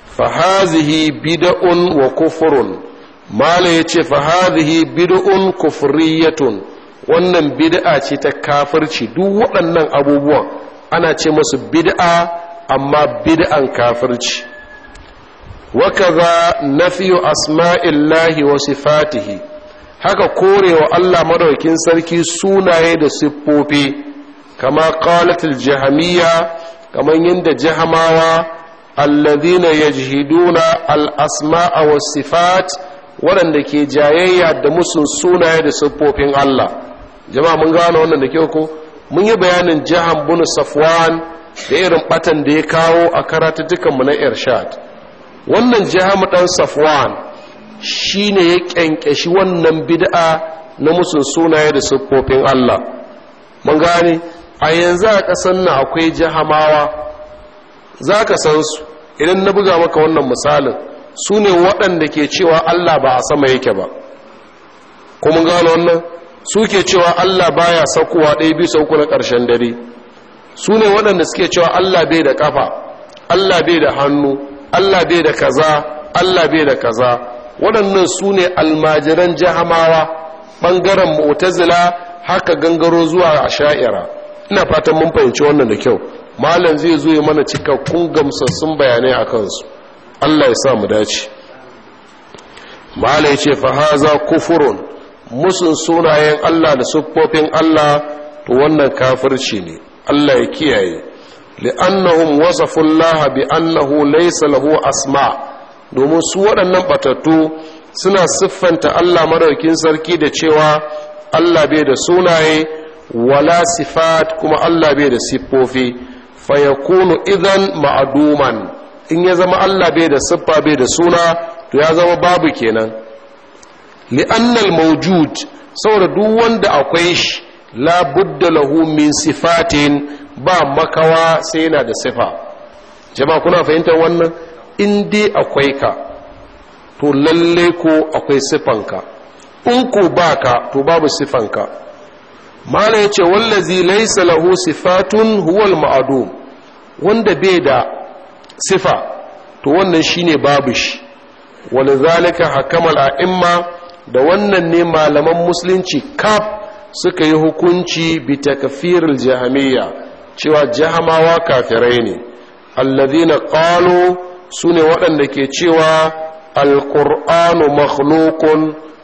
fa hazihi bid'un wa kufrun mala ya ce fahadihi bid'un kufriyatun wannan bid'a ce ta kafirci duk waɗannan abubuwan ana ce masu bid'a amma bid'an kafirci wakaza nafiyu asma'illahi wa fatihi haka korewa Allah maɗaukin sarki sunaye da siffofi kama qalatul jahamiyya kaman yanda jahamawa alladhina yajhiduna al-asma'a was sifat waɗanda ke jayayya da musun sunaye da siffofin Allah jama'a mun gane wannan da ke ko mun yi bayanin jihar bunu safwan da irin batan da ya kawo a karatattukanmu na irshad wannan jihar ɗan safwan shi ne ya ƙyanƙyashi wannan bid'a na musun sunaye da siffofin Allah mun gane a yanzu a ƙasan na akwai jihamawa za ka san su idan na buga maka wannan misalin su ne waɗanda ke cewa allah ba a sama yake ba kuma gano wannan su ke cewa allah baya saukowa ɗaya bisa uku na ƙarshen dare su ne waɗanda suke cewa allah bai da ƙafa allah bai da hannu allah bai da kaza allah bai da kaza waɗannan su ne almajiran jahamawa ɓangaren mu'tazila haka gangaro zuwa a sha'ira ina fatan mun fahimci wannan da kyau malam zai zo ya mana cikakkun gamsassun bayanai a kansu Allah ya sa mu dace malai ce fa haza kufurun musun sunayen Allah da siffofin Allah to wannan kafirci ne Allah ya kiyaye li'annahum wasafu Allah bi annahu laysa lahu asma domin su waɗannan batattu suna siffanta Allah madaukin sarki da cewa Allah bai da sunaye wala sifat kuma Allah bai da siffofi yakunu idan ma'aduman in ya zama Allah bai da siffa bai da suna to ya zama babu kenan li'annal mawjud saboda duk wanda akwai shi la budda lahu min sifatin ba makawa sai yana da sifa jama'a kuna fahimtar wannan in dai akwai ka to lalle ko akwai sifanka in ko baka to babu sifanka mala yace wallazi laysa lahu sifatun huwal ma'dum wanda bai da sifa to wannan shine babu shi walzalika hakamar a'imma da wannan ne malaman musulunci kaf suka yi hukunci bi takfiril jahamiyya cewa jahamawa kafirai ne alladhina qalu sune waɗanda ke cewa alqur'anu makhluqun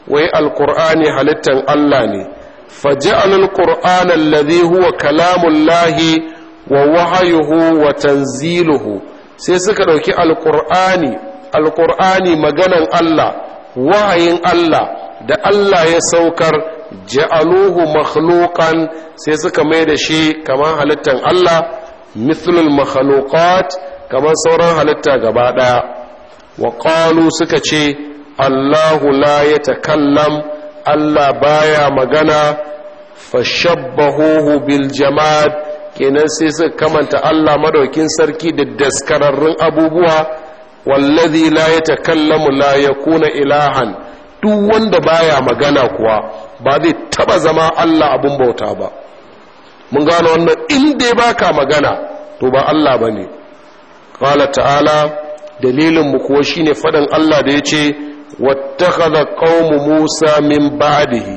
wai alqur'ani halittan Allah ne فجعل القرآن huwa kalamullahi wa الله wa وتنزيله sai suka ɗauki alƙur'ani alƙur'ani maganan Allah wahayin Allah da Allah ya saukar ja'aluhu makhluqan sai suka mai da shi kamar halittan Allah mithlul makhluqat kamar sauran halitta gaba ɗaya wa qalu suka ce Allahu la yatakallam Allah baya magana fashabbahuhu bil jamad kenan sai suka kamanta Allah madaukin sarki da daskararrun abubuwa wallazi la yatakallamu la yakuna ilahan duk wanda baya magana kuwa ba zai taba zama Allah abun bauta ba mun gane wannan in dai baka magana to ba Allah bane qala ta'ala dalilin mu kuwa shine fadan Allah da yace wattakhadha qaumu Musa min ba'dihi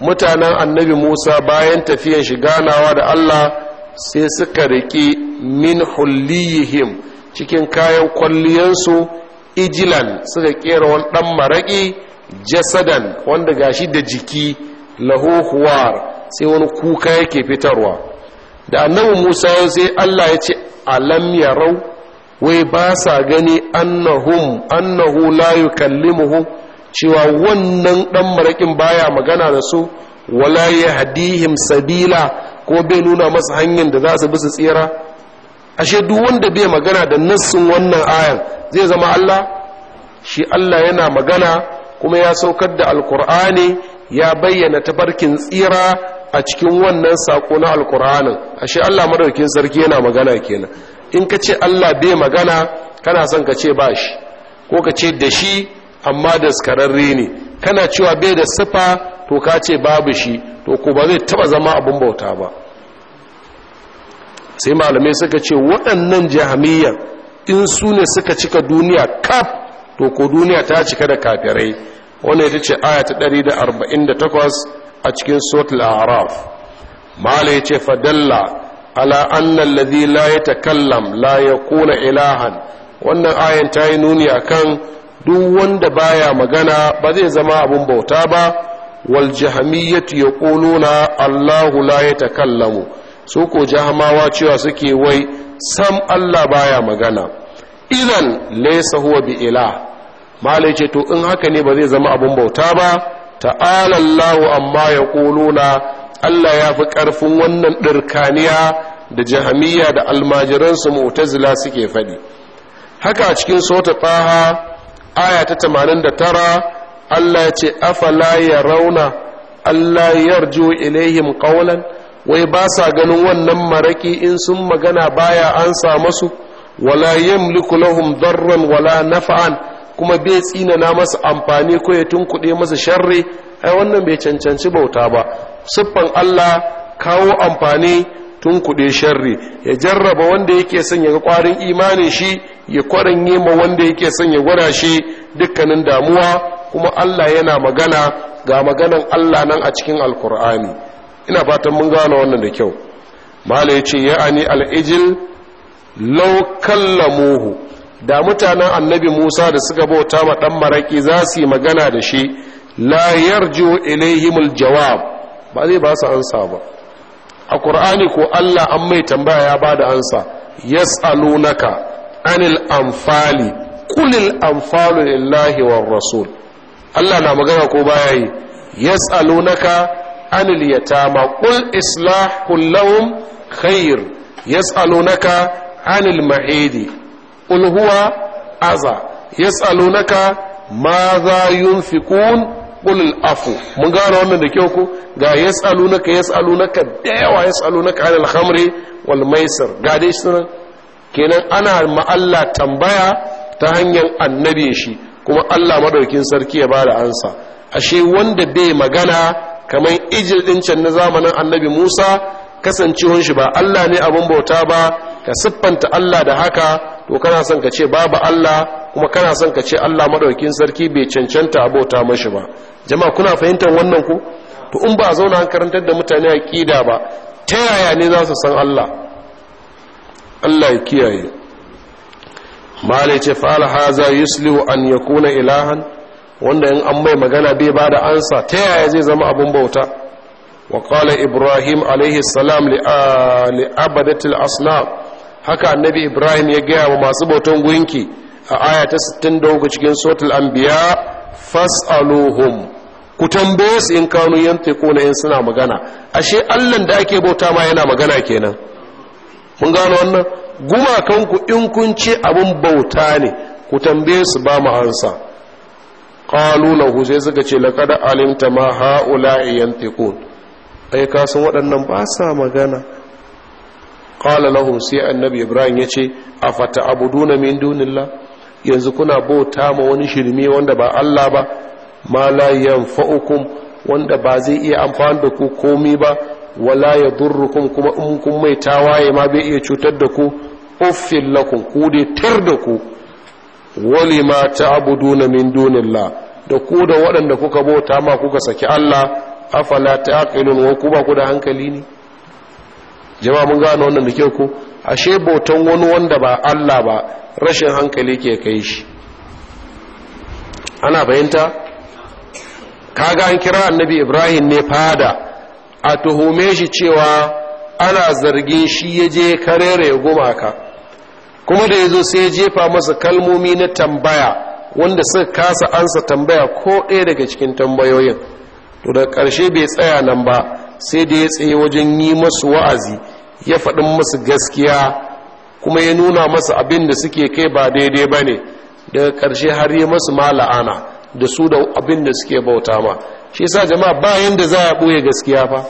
mutanen annabi Musa bayan tafiyan shi ganawa da Allah sai suka riƙe min hulliyihim cikin kayan kwalliyansu ijilan suka kera wani ɗan maraƙi jasadan wanda gashi da jiki lahuhuwar sai wani kuka yake fitarwa da annabi musa sai allah ya ce alam yarau wai ba sa gani annahum annahu la yukallimuhum cewa wannan ɗan maraƙin baya magana da su wala hadihim sabila ko bai nuna masa hanyar da za su bi su tsira ashe duk wanda bai magana da nassin wannan ayan zai zama Allah shi Allah yana magana kuma ya saukar da alkur'ani ya bayyana tabarkin tsira a cikin wannan sako na alkur'anin ashe Allah madaukin sarki yana magana kenan in ka ce Allah bai magana kana son ka ce ba shi ko ka ce da shi amma daskararre ne kana cewa bai da sifa to ka ce babu shi to ko ba zai taba zama abun bauta ba sai malamai suka ce waɗannan jahamiya in su ne suka cika duniya kaf to ko duniya ta cika da kafirai wanda ita ce ayata 148 a cikin suratul araf malai ce fadalla ala annan ladhi la kallam la ya kuna ilahan wannan ayan ta yi nuni akan duk wanda baya magana ba zai zama abun bauta ba wal jahamiyyatu yaquluna Allahu la yatakallamu su ko jahamawa cewa suke wai sam Allah baya magana idan laysa huwa bi ilah malai ce to in haka ne ba zai zama abun bauta ba ta'ala amma amma yaquluna Allah ya fi karfin wannan dirkaniya da jahamiyya da almajiransu mu'tazila suke fadi haka a cikin sota taha aya ta 89 Allah ce afala ya rauna Allah yarjo ilaihim qawlan wai ba sa ganin wannan maraki in sun magana baya an sa masu wala yamliku lahum darran wala naf'an kuma bai na masa amfani ko ya tunkuɗe masa sharri ai wannan bai cancanci bauta ba siffan Allah kawo amfani tunkuɗe sharri ya jarraba wanda yake son ya ga ƙwarin imanin shi ya kwarin ma wanda yake son ya gwada shi dukkanin damuwa kuma Allah yana magana ga maganan Allah nan a cikin alkur'ani ina fatan mun gano wannan da kyau mala ya ce ya'ani al'ijil law kallamuhu da mutanen annabi Musa da suka bauta ma dan maraki za su yi magana da shi la yarju ilaihimul jawab ba zai ba su ansa ba a qur'ani ko Allah an mai tambaya ya bada ansa yas'alunaka anil anfali qulil anfalu lillahi war rasul Allah na magana ko baya yi yas'alunaka anil yatama qul islahul lahum khair yas'alunaka anil ma'idi qul huwa aza yas'alunaka madha yunfikun qul afu mun gano wannan da kyau ko ga yas'alunaka yas'alunaka da yawa yas'alunaka anil khamri wal maisir ga dai kenan ana ma Allah tambaya ta hanyar annabi shi kuma Allah madaukin sarki ya bada ansa ashe wanda bai magana kamar ijil din can na zamanin annabi Musa kasancewar shi ba Allah ne abin bauta ba ka siffanta Allah da haka to kana son ka ce babu Allah kuma kana son ka ce Allah madaukin sarki bai cancanta abota mashi ba jama'a kuna fahimtar wannan ku? to in ba zauna an karantar da mutane aqida ba ta yaya ne za su san Allah Allah ya kiyaye malai ce za haza yusliu an kuna ilahan wanda in an mai magana bai ba da ansa ta yaya zai zama abin bauta wa kala ibrahim alaihi salam li haka annabi ibrahim ya gaya wa masu bautan gunki a aya ta 63 cikin sotul an fas'aluhum ku tambaye su in kanu na in suna magana ashe allan da ake bauta ma yana magana kenan mun gano wannan gumakanku in kun ce abin bauta ne ku tambaye su ba mu ansa qalu lahu sai suka ce laqad alimta ma haula'i yantiqun ai ka san waɗannan ba sa magana qala lahum sai annabi ibrahim yace afata abuduna min dunillah yanzu kuna bauta ma wani shirme wanda ba Allah ba ma la yanfa'ukum wanda ba zai iya amfani da ku komai ba wala ya yadurrukum kuma in kun mai tawaye ma bai iya cutar da ku Uffin lakum ku da tar da ku wali ma ta'buduna min dunillah da ku da waɗanda kuka bauta ma kuka saki Allah afala ta'qilun wa ku ba ku da hankali ne jama'a mun gane wannan da ke ku ashe bautan wani wanda ba Allah ba rashin hankali ke kai shi ana bayanta kaga an kira annabi Ibrahim ne fada a tuhume shi cewa ana zargin shi ya je karere ya gumaka kuma da ya zo sai ya jefa masa kalmomi na tambaya wanda suka kasa ansa tambaya ko ɗaya daga cikin tambayoyin to da ƙarshe bai tsaya nan ba sai da ya tsaye wajen yi masu wa'azi ya faɗin masu gaskiya kuma ya nuna masu abin da suke kai ba daidai ba ne daga ƙarshe har yi masu ma la'ana da su da abin da suke bauta ma shi sa jama'a bayan da za a ɓoye gaskiya fa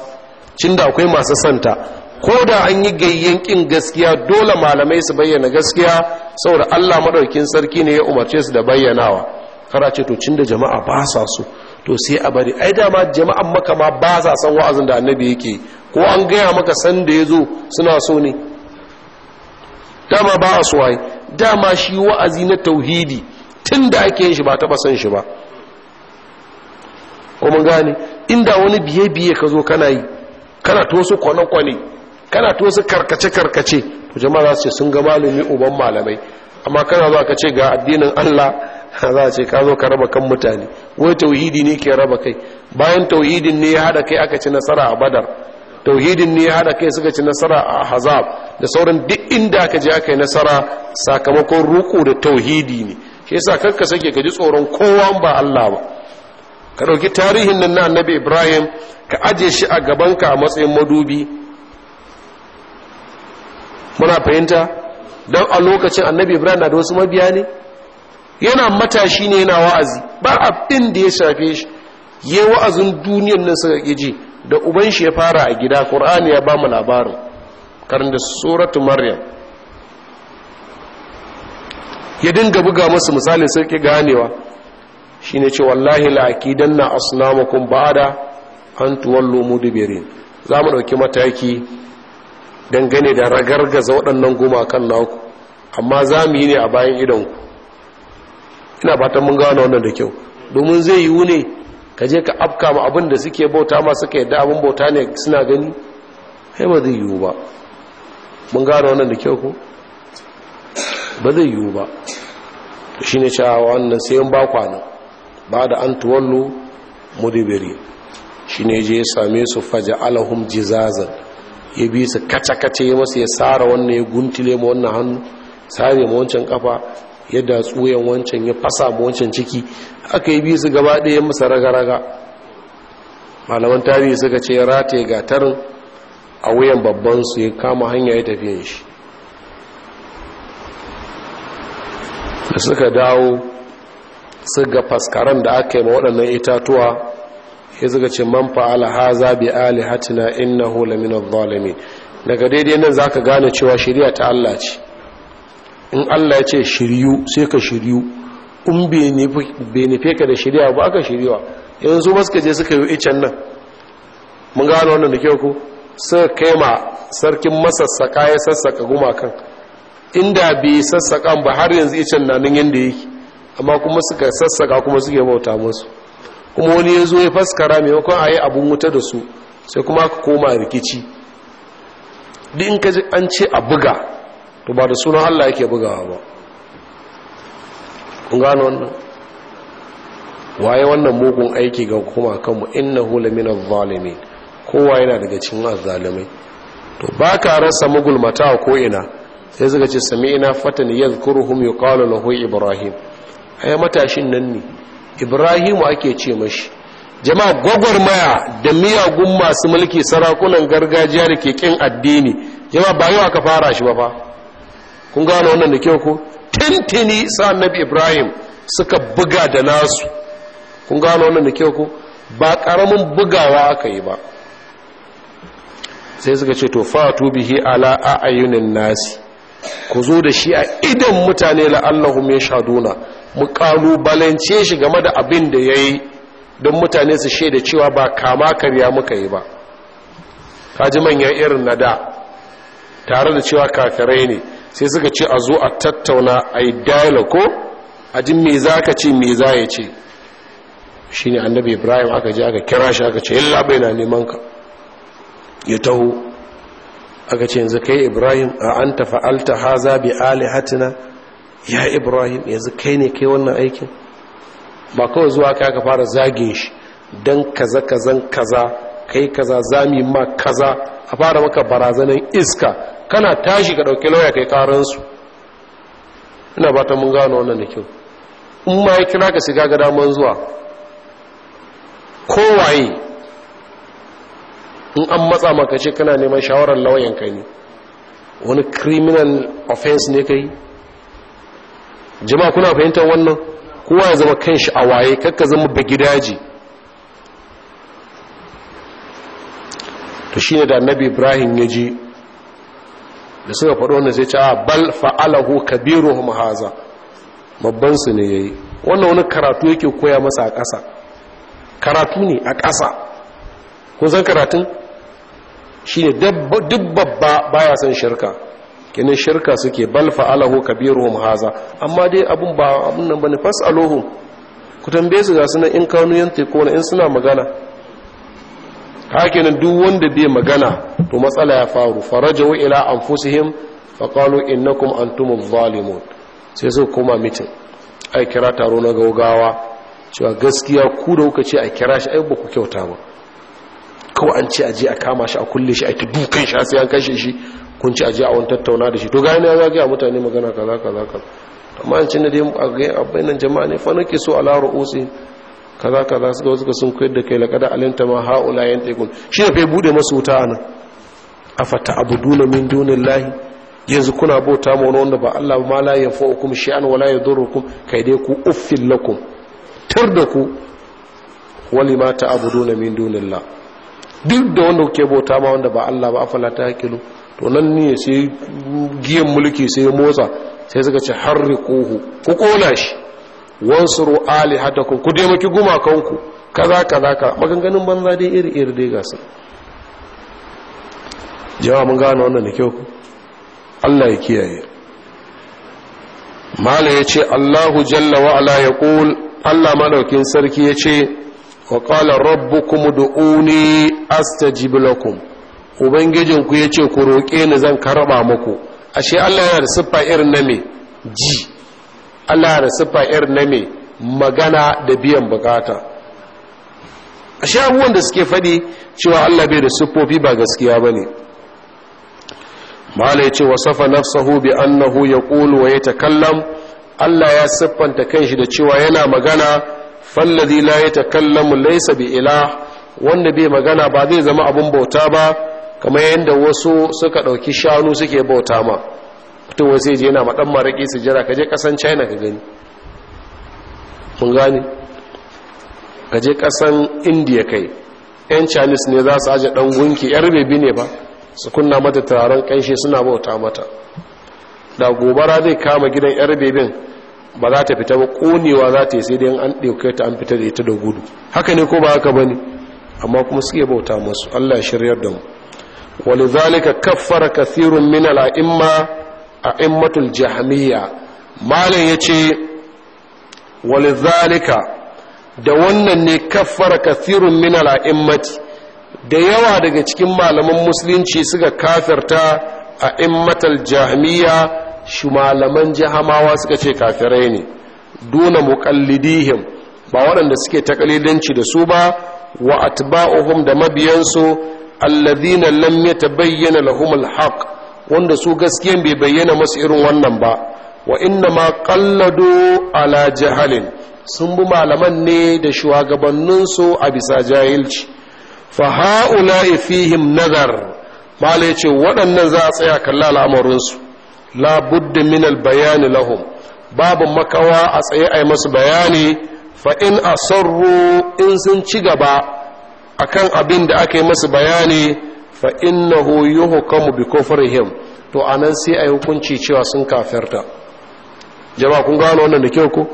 cinda akwai masu santa ko da an yi gayyen ƙin gaskiya dole malamai su bayyana gaskiya saboda Allah maɗaukin sarki ne ya umarce su da bayyanawa kara ce to cinda jama'a ba sa so to sai a bari ai dama jama'an maka ma ba sa san wa'azin da annabi yake ko an gaya maka sanda ya zo suna so ne dama ba a so dama shi wa'azi na tauhidi tun da ake yin shi ba taɓa san shi ba ko mun gane inda wani biye biye ka zo kana yi kana to su kwane kwane kana to su karkace karkace to jama'a za su ce sun ga malami uban malamai amma kana za ka ce ga addinin Allah za ce ka zo ka raba kan mutane wai tauhidi ne ke raba kai bayan tauhidin ne ya hada kai aka ci nasara a badar tauhidin ne ya hada kai suka ci nasara a hazab da sauran duk inda aka je aka yi nasara sakamakon ruku da tauhidi ne shi yasa kanka sake ka ji tsoron kowa ba Allah ba ka ɗauki tarihin nan na annabi ibrahim ka aje shi a gabanka a matsayin madubi muna fahimta don a lokacin annabi ibrahim na da wasu mabiya ne yana matashi ne yana wa'azi ba abin da ya shafe shi ya yi wa'azin duniyan nan suka ƙiji da uban shi ya fara a gida ƙur'ani ya ba mu labarin karin da suratu maryam ya dinga buga masu misalin sauƙi ganewa shi ne ce wallahi na asinamakon ba da an tuwallu dubirin za mu ɗauki mataki dangane da ragargaza waɗannan gumakan naku amma za mu yi ne a bayan idanku ina ta mun gano wannan da kyau domin zai yiwu ne ka je ka afka ma abin da suke bauta ma suka yadda abin bauta ne suna gani sai ba zai yiwu ba mun gano wannan da kyau ko ba zai yiwu ba shi ne cewa wannan sayan ba nan ba da an tuwallo mudibiri shi ne je ya same su faja alahum jizazan ya bi su kaca-kaca ya masu ya tsara wannan ya guntile ma wannan hannu sare ma wancan kafa ya datsu yan wancan ya fasa ma wancan ciki aka yi bi su gaba ɗaya masa raga-raga malaman tarihi suka ce ya rataye gatarin a wuyan babban su ya kama hanya ya tafiyan shi da suka dawo su ga faskaran da aka yi ma waɗannan itatuwa ya zuga ce man fa'ala haza bi alihatina innahu lamin adh-dhalimin daga daidai nan zaka gane cewa shari'a ta Allah ce in Allah ya ce shiryu sai ka shiryu in bai nufe ka da shari'a ba aka shiryuwa yanzu ba suka je suka yi ican nan mun gane wannan da kyau ku suka kai ma sarkin masassaka ya sassaka gumakan inda bai sassakan ba har yanzu ican na nan yanda yake amma kuma suka sassaka kuma suke bauta musu kuma wani ya zo ya faskara maimakon a yi abun wuta da su sai kuma aka koma rikici duk in kaji an ce a buga to ba da sunan allah yake bugawa ba kun gano wannan waye wannan mugun aiki ga kuma kanmu hula lamina zalimi kowa yana daga cikin azzalimai to baka rasa mugulmata ko ina sai suka ce sami ina fatan yadhkuruhum na lahu ibrahim ya matashin nan ne ibrahimu ake ce mashi jama'a gwagwarmaya da miyagun masu mulki sarakunan gargajiya da ke addini jama'a ba yau aka fara shi ba fa kun gano wannan da kyau ko tintini sa'an annabi ibrahim suka buga da nasu kun gano wannan da kyau ko ba karamin bugawa aka yi ba sai suka ce to fatu bihi ala a'ayunin nasi ku zo da shi a idan mutane mai shaduna. mu kalubalance shi game da abin da ya yi don mutane su shaida cewa ba kama karya muka yi ba kaji manyan irin na da tare da cewa kakarai ne sai suka ce a zo a tattauna a yi dialogue ko a jin me za ka ce me za ya ce shi ne annabi ibrahim aka je aka kira shi aka ce illa bai na neman ka ya taho aka ce yanzu kai ibrahim a an tafa'alta haza bi alihatina ya ibrahim yanzu kai ne kai wannan aikin ba kawai zuwa ka ka fara zagin shi don kaza kazan kaza kai kaza zami ma kaza a fara maka barazanan iska kana tashi ka ɗauki lauya kai karansu ina ba ta mun gano wannan da kyau in ma ya kira ka shiga ga daman zuwa kowaye in an matsa maka ce kana neman shawarar lauyan ka ne wani criminal offense ne ka yi jama'a kuna fahimtar wannan kowa ya zama kanshi a waye kakka zama bagidaji to shi ne da annabi ibrahim ya ji da suka faɗo wanda sai ce a ah, bal fa'alahu Kabiru haza babban su ne yi, wannan wani karatu yake koya masa a ƙasa karatu ne a ƙasa kun san karatun ne duk babba baya son shirka kinin shirka suke bal fa'alahu kabiruhum haza amma dai abun ba abun nan bane fasaluhu ku tambaye su ga sunan in kanu yantiquna in suna magana hakinan duk wanda bai magana to matsala ya faru farajau ila anfusihim faqalu innakum antumuz zalimun sai su koma mitin ai kira taro na gaugawa cewa gaskiya ku da kuka ce a kira shi ai ba ku kyauta ba kawai an ce a je a kama shi a kulle shi a ta dukan shi sai an kashe shi kun ci aji a wani tattauna da shi to gani ya zagaya mutane magana kaza kaza kaza amma an cin dai a gani a nan jama'a ne fa nake so ala ru'usi kaza kaza suka suka sun koyar da kai laqad alinta ma haula yantakun shi ne fai bude masu wuta fata abu abuduna min lahi yanzu kuna bauta ma wanda ba Allah layin ma la shi an wala yadurrukum kai dai ku uffin lakum tur da ku wali ma ta'buduna min dunillah duk da wanda kuke bauta ma wanda ba Allah ba afala ta hakilu to nan ne sai giyan mulki sai motsa sai suka ce harri kohu ku kona shi wansu ru'ali hadakun ku taimaki gumakanku kaza kaza ka maganganun banza dai iri iri dai gasa jawa mun gane wannan da kyau ku Allah ya kiyaye mala ya ce Allahu jalla wa'ala ala ya ƙul Allah madaukin sarki ya ce wa ƙalar rabbukum ud'uni astajib ubangijinku ya ce ku roƙe ni zan karɓa muku ashe allah yana da siffa irin na me ji allah yana da siffa irin na me magana da biyan bukata ashe abubuwan da suke faɗi cewa allah bai da siffofi ba gaskiya ba ne malai ce wasafa nafsahu bi annahu ya ƙulu wa ya takallam allah ya siffanta kanshi da cewa yana magana fallazi la ya takallamu laisa bi ilah wanda bai magana ba zai zama abun bauta ba kamar yadda wasu suka ɗauki shanu suke bauta ma mutum wasu yaji yana maɗan maraƙi su jira kaje ƙasan china ka gani mun gani kaje ƙasan india kai yan chinese ne za su aji ɗan gunki yan bebi ne ba su kunna mata turaren ƙanshi suna bauta mata da gobara zai kama gidan yan bebin ba za ta fita ba ƙonewa za ta yi sai dai an ɗauke ta an fita da ita da gudu haka ne ko ba haka ba ne amma kuma suke bauta masu allah shiryar da mu ولذلك كفر كثير من الائمه ائمه الجهميه ما يجي ولذلك da wannan ne kaffara kathirun min al'immati da yawa daga cikin malaman musulunci suka kafirta a immatal jahmiya shi malaman jahamawa suka ce kafirai ne duna muqallidihim ba waɗanda suke takalidanci da su ba wa atba'uhum da mabiyansu alladhina lam yatabayyana lahum alhaq wanda su gaskiyan bai bayyana masu irin wannan ba wa inna ma qalladu ala jahalin sun bi malaman ne da shugabanninsu a bisa jahilci fa haula fihim nazar mala yace waɗannan za a tsaya kalla al'amarinsu la budda min albayani lahum babu makawa a tsaye ai masu bayani fa in asarru in sun ci gaba akan abin da aka yi masu bayani fa innahu yuhkamu bi kufrihim to anan sai ayi hukunci cewa sun kafirta jama'a kun gano wannan da kyau ko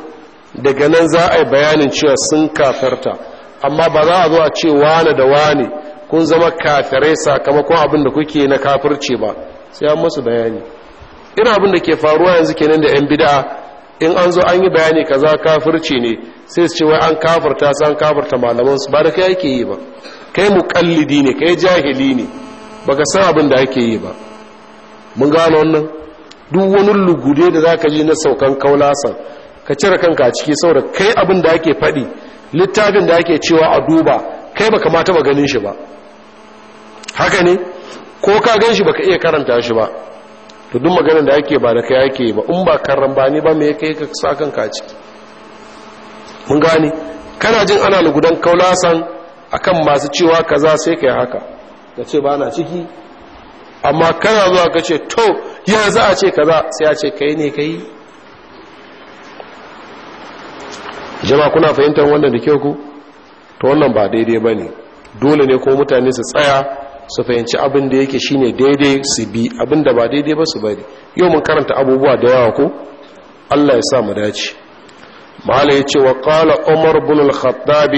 daga nan za a yi bayanin cewa sun kafirta amma ba za a zo a ce wane da wane kun zama kafirai sakamakon abin da kuke na kafirce ba sai an masu bayani Irin abin da ke faruwa yanzu kenan da 'yan bida'a in an zo an yi bayani kaza kafirci ne sai su ce wai an kafirta san kafirta malaman su ba da kai ake yi ba kai muqallidi ne kai jahili ne baka san abin da ake yi ba mun gano wannan duk wani lugude da za ka ji na saukan kaulasan ka cire kanka a ciki saboda kai abin da ake faɗi littafin da ake cewa a duba kai baka ma taɓa ganin shi ba haka ne ko ka gan shi baka iya karanta shi ba to duk maganar da ake ba da kai ake ba in ba karran ba ni ba me kai ka sa kanka a ciki mun gane kana jin ana lugudan kaulasan akan masu cewa kaza sai kai haka da ce ba na ciki amma kana zuwa ka ce to ya za a ce kaza sai a ce kai ne kai jama kuna fahimtar wannan da kyau ku to wannan ba daidai ba dole ne ko mutane su tsaya su fahimci abin da yake shine daidai su bi abin da ba daidai ba su bari yau mun karanta abubuwa da yawa ko Allah ya sa mu dace mala yace wa qala umar ibn al-khattab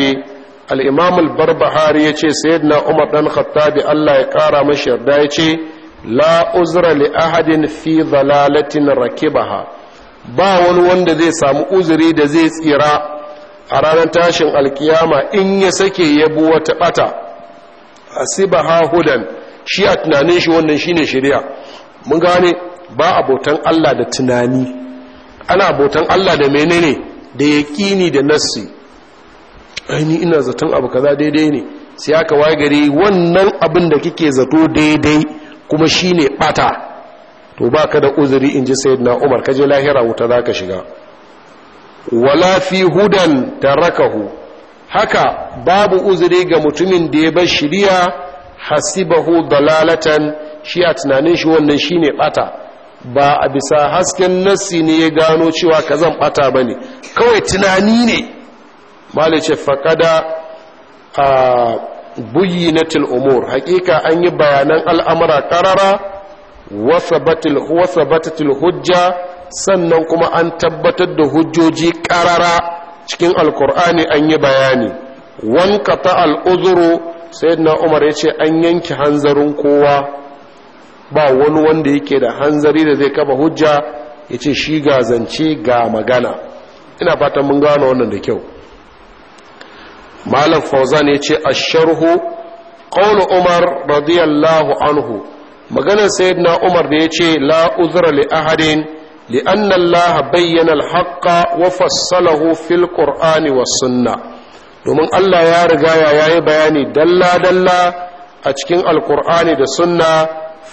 al-imam al-barbahari yace sayyidina umar dan Khattabi Allah ya kara mashi yarda yace la uzra li ahadin fi dhalalatin rakibaha ba wani wanda zai samu uzuri da zai tsira a ranar tashin alkiyama in ya sake yabo wata bata asibaha hudan shi a tunanin shi wannan shi ne shirya mun gane ba abotan Allah da tunani ana abotan Allah da menene da yaqini da nassi aini ina zaton abu kaza daidai ne sai aka waye gari wannan abin da kike zato daidai kuma shi ne bata to baka da uzuri in ji na Umar kaje lahira wuta za ka shiga wala fi hudan tarakahu haka babu uzuri ga mutumin da ya bar shiriya hasibahu dalalatan shi a tunanin shi wannan shine bata ba a bisa hasken nassi ne ya gano cewa ka zan bata bane kawai tunani ne malice faqada a buyyinatul umur hakika an yi bayanan al'amara ƙarara wasabatil sabatatul hujja sannan kuma an tabbatar da hujjoji ƙarara. cikin alkur'ani an yi bayani wanka ta al'uzuru sai na umar ya ce an yanki hanzarin kowa ba wani wanda yake da hanzari da zai kafa hujja ya ce shi ga zance ga magana ina fatan mun gano wannan da kyau malam fauzan ya ce a sharhu ƙaunar umar radiyallahu anhu maganar sayyidina umar da ya ce la uzura li ahadin li'anna Allah bayyana al-haqqa wa fassalahu fil qur'ani was sunna domin Allah ya riga ya yi bayani dalla dalla a cikin alqur'ani da sunna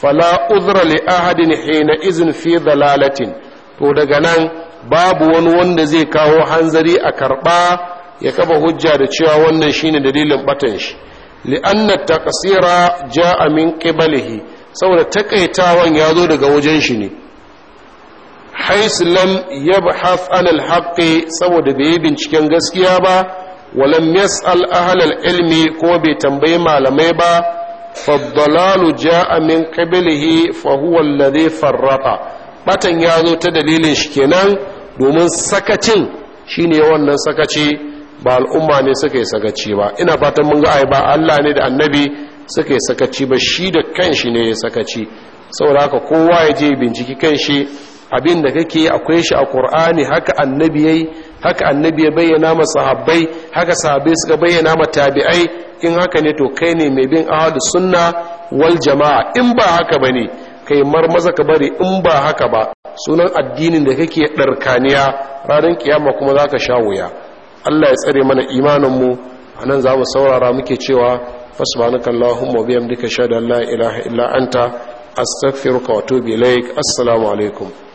fala udhra li ahadin hina izin fi dalalatin to daga nan babu wani wanda zai kawo hanzari a karba ya kafa hujja da cewa wannan shine dalilin batan shi li'anna taqsira ja'a min qiblihi saboda takaitawan ya zo daga wajen shi ne haisu lam yabhaf anil haqqi saboda bai yi binciken gaskiya ba walam yas'al ahlal ilmi ko bai tambayi malamai ba faddalalu ja'a min qablihi fa huwa alladhi batan ya zo ta dalilin shi kenan domin sakacin shine wannan sakaci ba al'umma ne suka yi sakaci ba ina fatan mun ga ai ba Allah ne da annabi suka yi sakaci ba shi da kanshi ne ya sakaci saboda haka kowa ya je binciki kanshi abin da kake akwai shi a qur'ani haka annabi haka annabi ya bayyana ma sahabbai haka sahabbai suka bayyana ma tabi'ai in haka ne to kai ne mai bin ahlus sunna wal jama'a in ba haka bane kai maza ka bari in ba haka ba sunan addinin da kake darkaniya ranar kiyama kuma zaka sha wuya Allah ya tsare mana imanin mu anan zamu saurara muke cewa fasubhanakallahumma wa bihamdika shada la ilaha illa anta astaghfiruka wa atubu ilaik assalamu alaikum